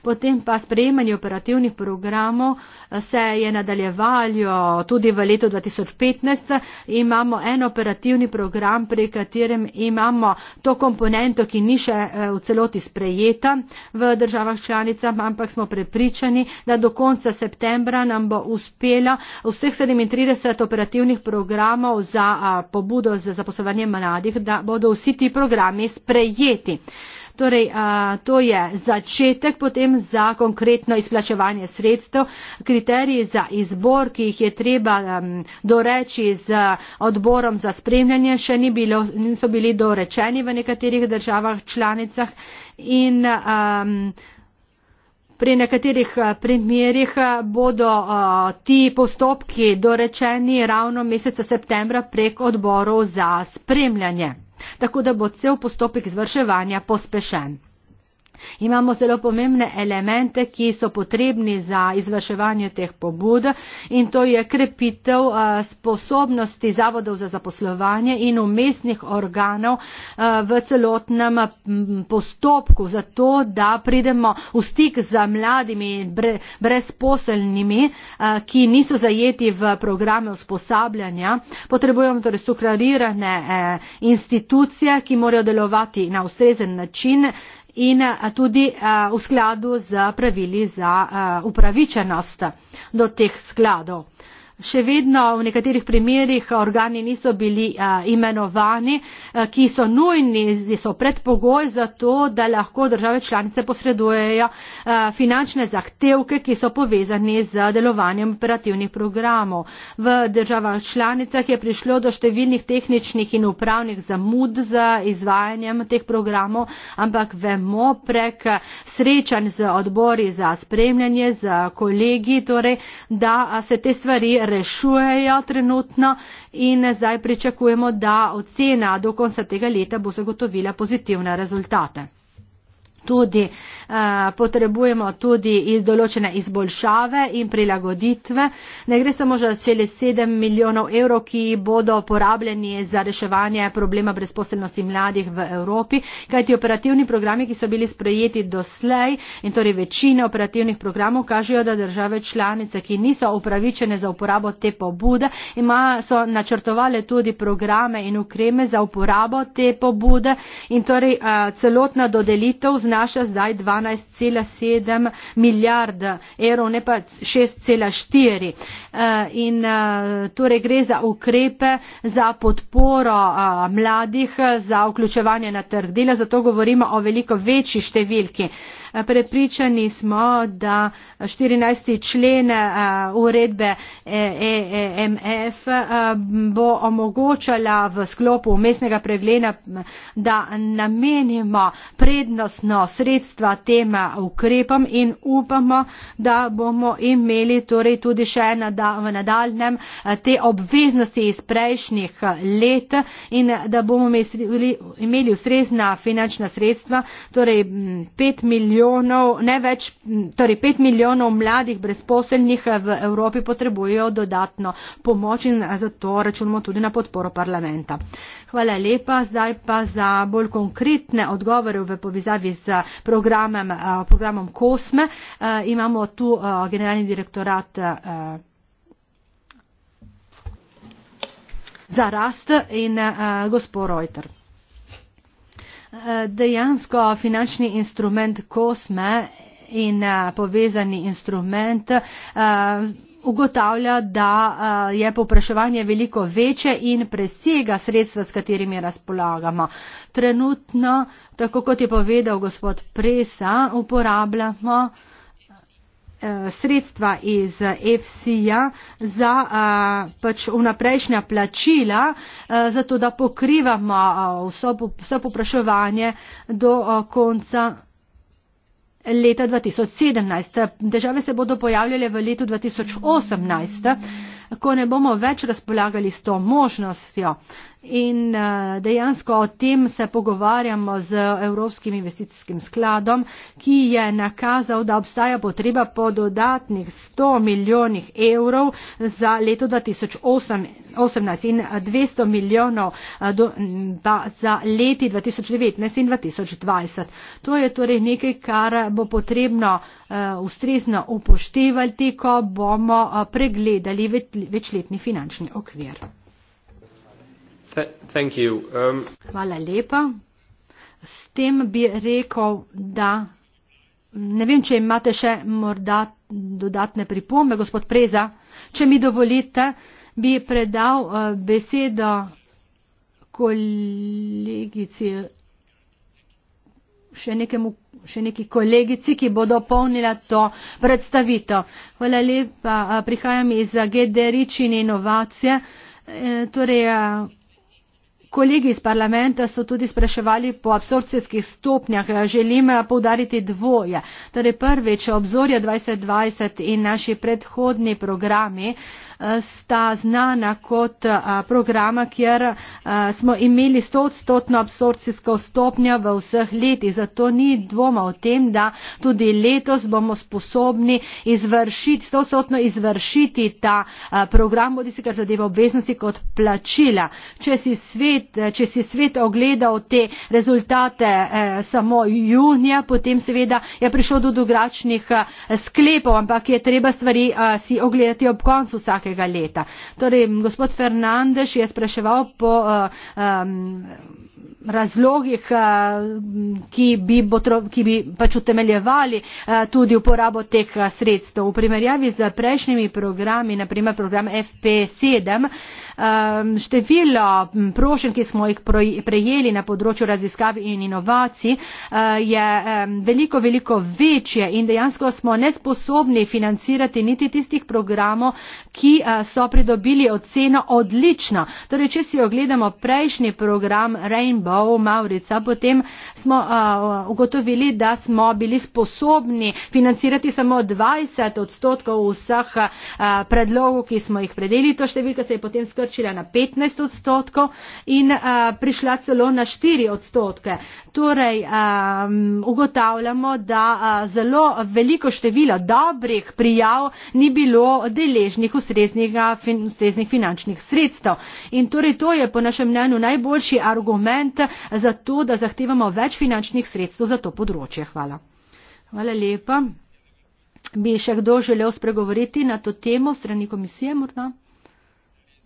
Potem pa sprejemanje operativnih programov eh, se je nadaljevalo tudi v letu 2015. Imamo en operativni program, pri katerem imamo to komponento, ki ni še eh, v celoti sprejeta v državah članicah, ampak smo prepričani, da do konca septembra nam bo uspela vseh 37 operativnih programov za a, pobudo za zaposlovanje izobraževanje mladih, da bodo vsi ti programi sprejeti. Torej, a, to je začetek potem za konkretno izplačevanje sredstev. Kriteriji za izbor, ki jih je treba um, doreči z odborom za spremljanje, še ni bilo, niso bili dorečeni v nekaterih državah članicah. In, um, Pri nekaterih eh, primerjih eh, bodo eh, ti postopki dorečeni ravno meseca septembra prek odborov za spremljanje, tako da bo cel postopek izvrševanja pospešen. Imamo zelo pomembne elemente, ki so potrebni za izvrševanje teh pobud in to je krepitev eh, sposobnosti zavodov za zaposlovanje in umestnih organov eh, v celotnem mm, postopku za to, da pridemo v stik z mladimi brezposelnimi, eh, ki niso zajeti v programe usposabljanja. Potrebujemo torej strukturirane institucije, ki morajo delovati na ustrezen način in eh, tudi eh, v skladu s pravili za eh, upravičenost do teh skladov še vedno v nekaterih primerjih organi niso bili a, eh, imenovani, a, eh, ki so nujni, so predpogoj za to, da lahko države članice posredujejo a, eh, finančne zahtevke, ki so povezani z delovanjem operativnih programov. V državah članicah je prišlo do številnih tehničnih in upravnih zamud z izvajanjem teh programov, ampak vemo prek srečanj z odbori za spremljanje, z kolegi, torej, da se te stvari rešujejo trenutno in zdaj pričakujemo, da ocena do konca tega leta bo zagotovila pozitivne rezultate. Tudi Eh, potrebujemo tudi izdoločene izboljšave in prilagoditve. Ne gre samo za čele 7 milijonov evrov, ki bodo porabljeni za reševanje problema brezposelnosti mladih v Evropi, kajti operativni programi, ki so bili sprejeti doslej in torej večina operativnih programov kažejo, da države članice, ki niso upravičene za uporabo te pobude, ima, so načrtovali tudi programe in ukreme za uporabo te pobude in torej a, eh, celotna dodelitev znaša zdaj 2 12,7 milijarde evrov, ne pa 6,4. Eh, in eh, torej gre za ukrepe za podporo eh, mladih, za vključevanje na trg dela, zato govorimo o veliko večji številki. Prepričani smo, da 14. člen uredbe EEMF e, bo omogočala v sklopu umestnega pregleda, da namenimo prednostno sredstva tema ukrepom in upamo, da bomo imeli torej tudi še v nadaljem eh, te obveznosti iz prejšnjih eh, let in da bomo imeli ustrezna finančna sredstva, torej 5 milijonov, ne več, torej 5 milijonov mladih brezposelnih eh, v Evropi potrebujejo dodatno pomoč in zato računamo tudi na podporo parlamenta. Hvala lepa, zdaj pa za bolj konkretne odgovore v povezavi z programom. Eh, programom, programom COSME. Eh, imamo tu eh, generalni direktorat za rast in gospod Reuter. Dejansko finančni instrument COSME in povezani instrument ugotavlja, da eh, je popraševanje veliko večje in presega sredstva, s katerimi razpolagamo. Trenutno, tako kot je povedal gospod Presa, uporabljamo eh, sredstva iz FC-ja za a, eh, pač vnaprejšnja plačila, a, zato da pokrivamo a, vso, vso poprašovanje do a, konca leta 2017. Države se bodo pojavljale v letu 2018, ko ne bomo več razpolagali s to možnostjo in eh, dejansko o tem se pogovarjamo z Evropskim investicijskim skladom, ki je nakazal, da obstaja potreba po dodatnih 100 milijonih evrov za leto 2018 in 200 eh, milijonov eh, za leti 2019 in 2020. To je torej nekaj, kar bo potrebno ustrezno upoštevati, ko bomo pregledali večletni finančni okvir. Um, Hvala lepa. S tem bi rekel, da ne vem, če imate še morda dodatne pripombe, gospod Preza. Če mi dovolite, bi predal uh, besedo kolegici, še, nekemu, še neki kolegici, ki bo dopolnila to predstavitev. Hvala lepa. Uh, prihajam iz GDR-ične inovacije. Uh, torej, Kolegi iz parlamenta so tudi spraševali po absorpcijskih stopnjah. Želim eh, povdariti dvoje. Torej prvič, obzorja 2020 in naši predhodni programi Eh, sta znana kot eh, programa, kjer eh, smo imeli 100-odstotno absorpcijsko stopnjo v vseh letih. Zato ni dvoma o tem, da tudi letos bomo sposobni izvršiti, 100-odstotno izvršiti ta program, bodi se kar zadeva obveznosti kot plačila. Če si svet, če si svet ogledal te rezultate samo junija, potem seveda je prišlo do drugačnih sklepov, ampak je treba stvari si ogledati ob koncu vsake vsakega leta. Torej, gospod Fernandeš je spraševal po um, razlogih, eh, ki bi, botro, ki bi pač utemeljevali eh, tudi uporabo teh sredstev. V primerjavi z prejšnjimi programi, naprimer program FP7, um, število prošenj, ki smo jih prejeli na področju raziskav in inovacij, uh, je um, veliko, veliko večje in dejansko smo nesposobni financirati niti tistih programov, ki uh, so pridobili oceno odlično. Torej, če si ogledamo prejšnji program Rainbow Maurica, potem smo uh, ugotovili, da smo bili sposobni financirati samo 20 odstotkov vseh uh, predlogov, ki smo jih predeli. To številka se je potem skrčila skočila na 15 odstotkov in a, eh, prišla celo na 4 odstotke. Torej, a, ehm, ugotavljamo, da a, eh, zelo veliko število dobrih prijav ni bilo deležnih ustreznih finančnih sredstev. In torej to je po našem mnenju najboljši argument za to, da zahtevamo več finančnih sredstev za to področje. Hvala. Hvala lepa. Bi še kdo želel spregovoriti na to temo strani komisije morda?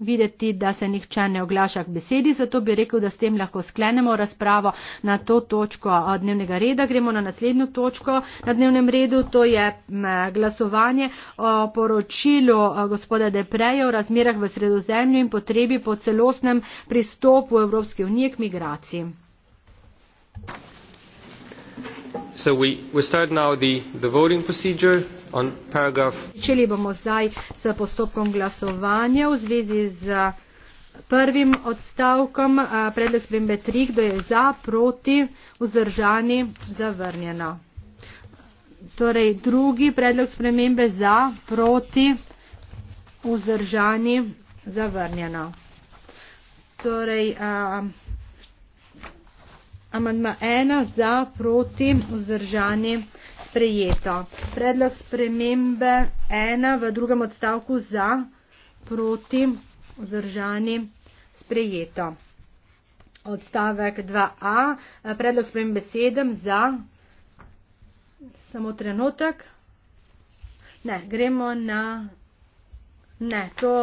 videti, da se nihče ne oglaša k besedi, zato bi rekel, da s tem lahko sklenemo razpravo na to točko dnevnega reda. Gremo na naslednjo točko na dnevnem redu, to je glasovanje o poročilu gospoda Depreja o razmerah v sredozemlju in potrebi po celostnem pristopu Evropske unije k migraciji. So we, we start now the, the voting procedure. Začeli bomo zdaj s postopkom glasovanja v zvezi z prvim odstavkom predlog spremembe 3, kdo je za, proti, vzdržani, zavrnjeno. Torej drugi predlog spremembe za, proti, vzdržani, zavrnjeno. Torej, uh, amandma ena za, proti, vzdržani, sprejeto. Predlog spremembe ena v drugem odstavku za, proti, vzdržani, sprejeto. Odstavek 2a, predlog spremembe sedem za, samo trenutek. Ne, gremo na. Ne, to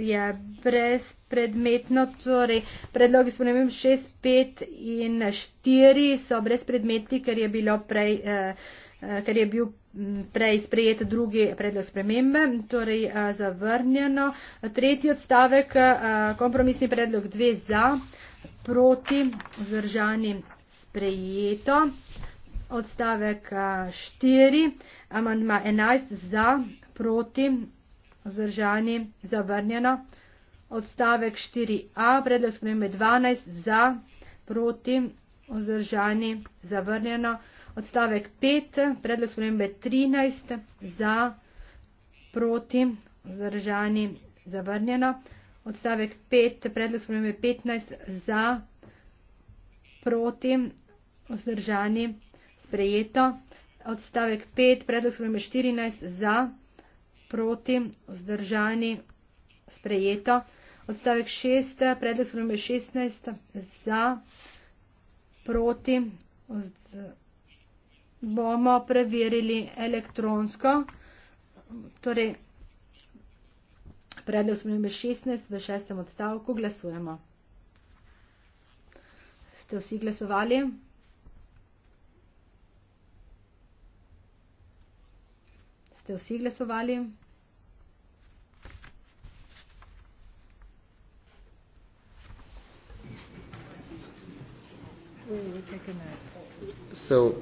Je brezpredmetno, torej predlogi spremem 6, 5 in 4 so brezpredmetni, ker je, prej, eh, eh, ker je bil mm, prej sprejet drugi predlog spremembe, torej eh, zavrnjeno. Tretji odstavek, eh, kompromisni predlog 2 za, proti, vzdržani sprejeto. Odstavek 4, eh, amandma 11 za, proti, vzdržani, zavrnjeno. Odstavek 4a, predlog spremembe 12, za, proti, vzdržani, zavrnjeno. Odstavek 5, predlog spremembe 13, za, proti, vzdržani, zavrnjeno. Odstavek 5, predlog spremembe 15, za, proti, vzdržani, sprejeto. Odstavek 5, predlog spremembe 14, za, proti, vzdržani, sprejeto proti, vzdržani, sprejeto. Odstavek 6, predlog sklonbe 16, za, proti, vz, bomo preverili elektronsko. Torej, predlog sklonbe 16 v šestem odstavku glasujemo. Ste vsi glasovali? ste vsi glasovali. So,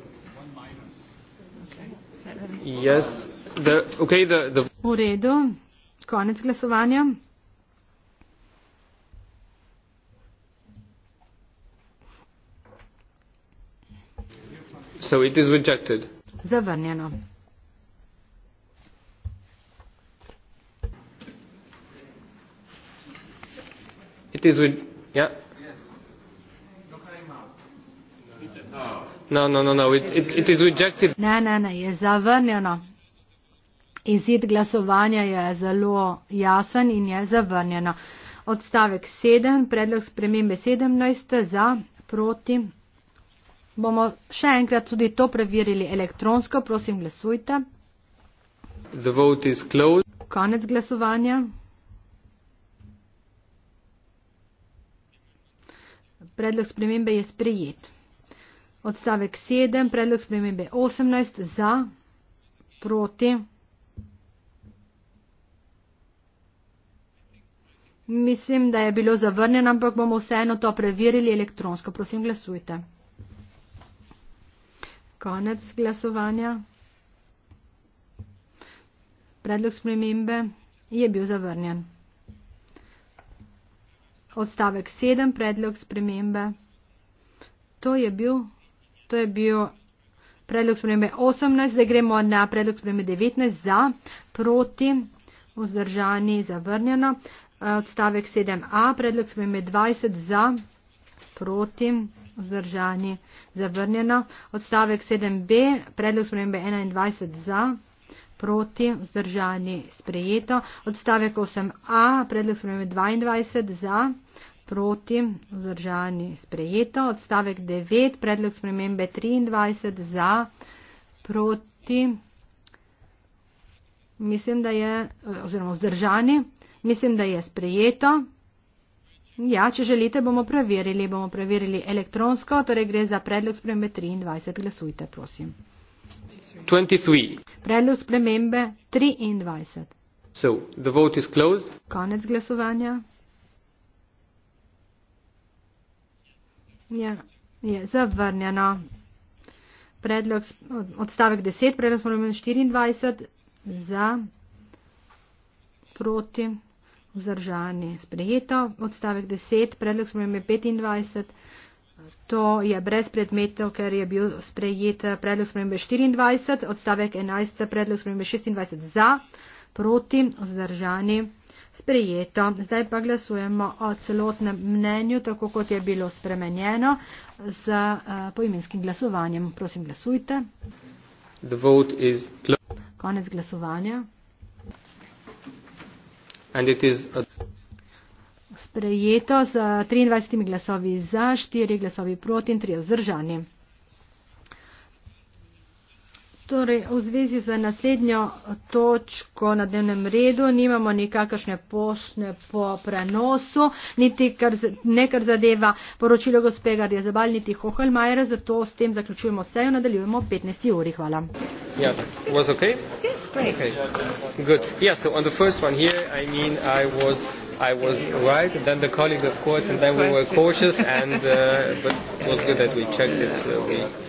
yes, the, okay, the, the v redu, konec glasovanja. So it is rejected. Zavrnjeno. this would yeah No, no, no, no. It, it, it is rejected. Ne, ne, ne, je zavrnjeno. Izid glasovanja je zelo jasen in je zavrnjeno. Odstavek 7, predlog spremembe 17 za, proti. Bomo še enkrat tudi to preverili elektronsko. Prosim, glasujte. The vote is closed. Konec glasovanja. predlog spremembe je sprejet. Odstavek 7, predlog spremembe 18 za, proti. Mislim, da je bilo zavrnjeno, ampak bomo vseeno to preverili elektronsko. Prosim, glasujte. Konec glasovanja. Predlog spremembe je bil zavrnjen odstavek 7 predlog spremembe. To je bil, to je bil predlog spremembe 18, zdaj gremo na predlog spremembe 19 eh, za, proti, vzdržani, zavrnjeno. Odstavek 7a, predlog spremembe 20 za, proti, vzdržani, zavrnjeno. Odstavek 7b, predlog spremembe 21 za proti, vzdržani, sprejeto. Odstavek 8a, predlog spremembe 22 za, proti, vzdržani, sprejeto. Odstavek 9, predlog spremembe 23 za, proti, mislim, da je, oziroma vzdržani, mislim, da je sprejeto. Ja, če želite, bomo preverili, bomo preverili elektronsko, torej gre za predlog spremembe 23. Glasujte, prosim. Predlog spremembe 23. So, the vote is closed. Konec glasovanja. Ja, je zavrnjeno. Predlog, odstavek 10, predlog spremembe 24. Za, proti, vzdržani. Sprejeto. Odstavek 10, predlog spremembe 25. To je brez predmetov, ker je bil sprejet predlog spremembe 24, odstavek 11, predlog spremembe 26 za, proti, vzdržani, sprejeto. Zdaj pa glasujemo o celotnem mnenju, tako kot je bilo spremenjeno, z uh, poimenskim glasovanjem. Prosim, glasujte. Konec glasovanja sprejeto z 23 glasovi za, 4 glasovi proti in 3 vzdržani. Torej, v zvezi z naslednjo točko na dnevnem redu nimamo nikakršne pošne po prenosu, niti kar, ne kar zadeva poročilo gospega Dezabal, niti Hohelmajera, zato s tem zaključujemo sejo, nadaljujemo 15. uri. Hvala. Ja, yeah, I was right, then the colleague, of course, and then we were cautious, and uh, but it was good that we checked it. So we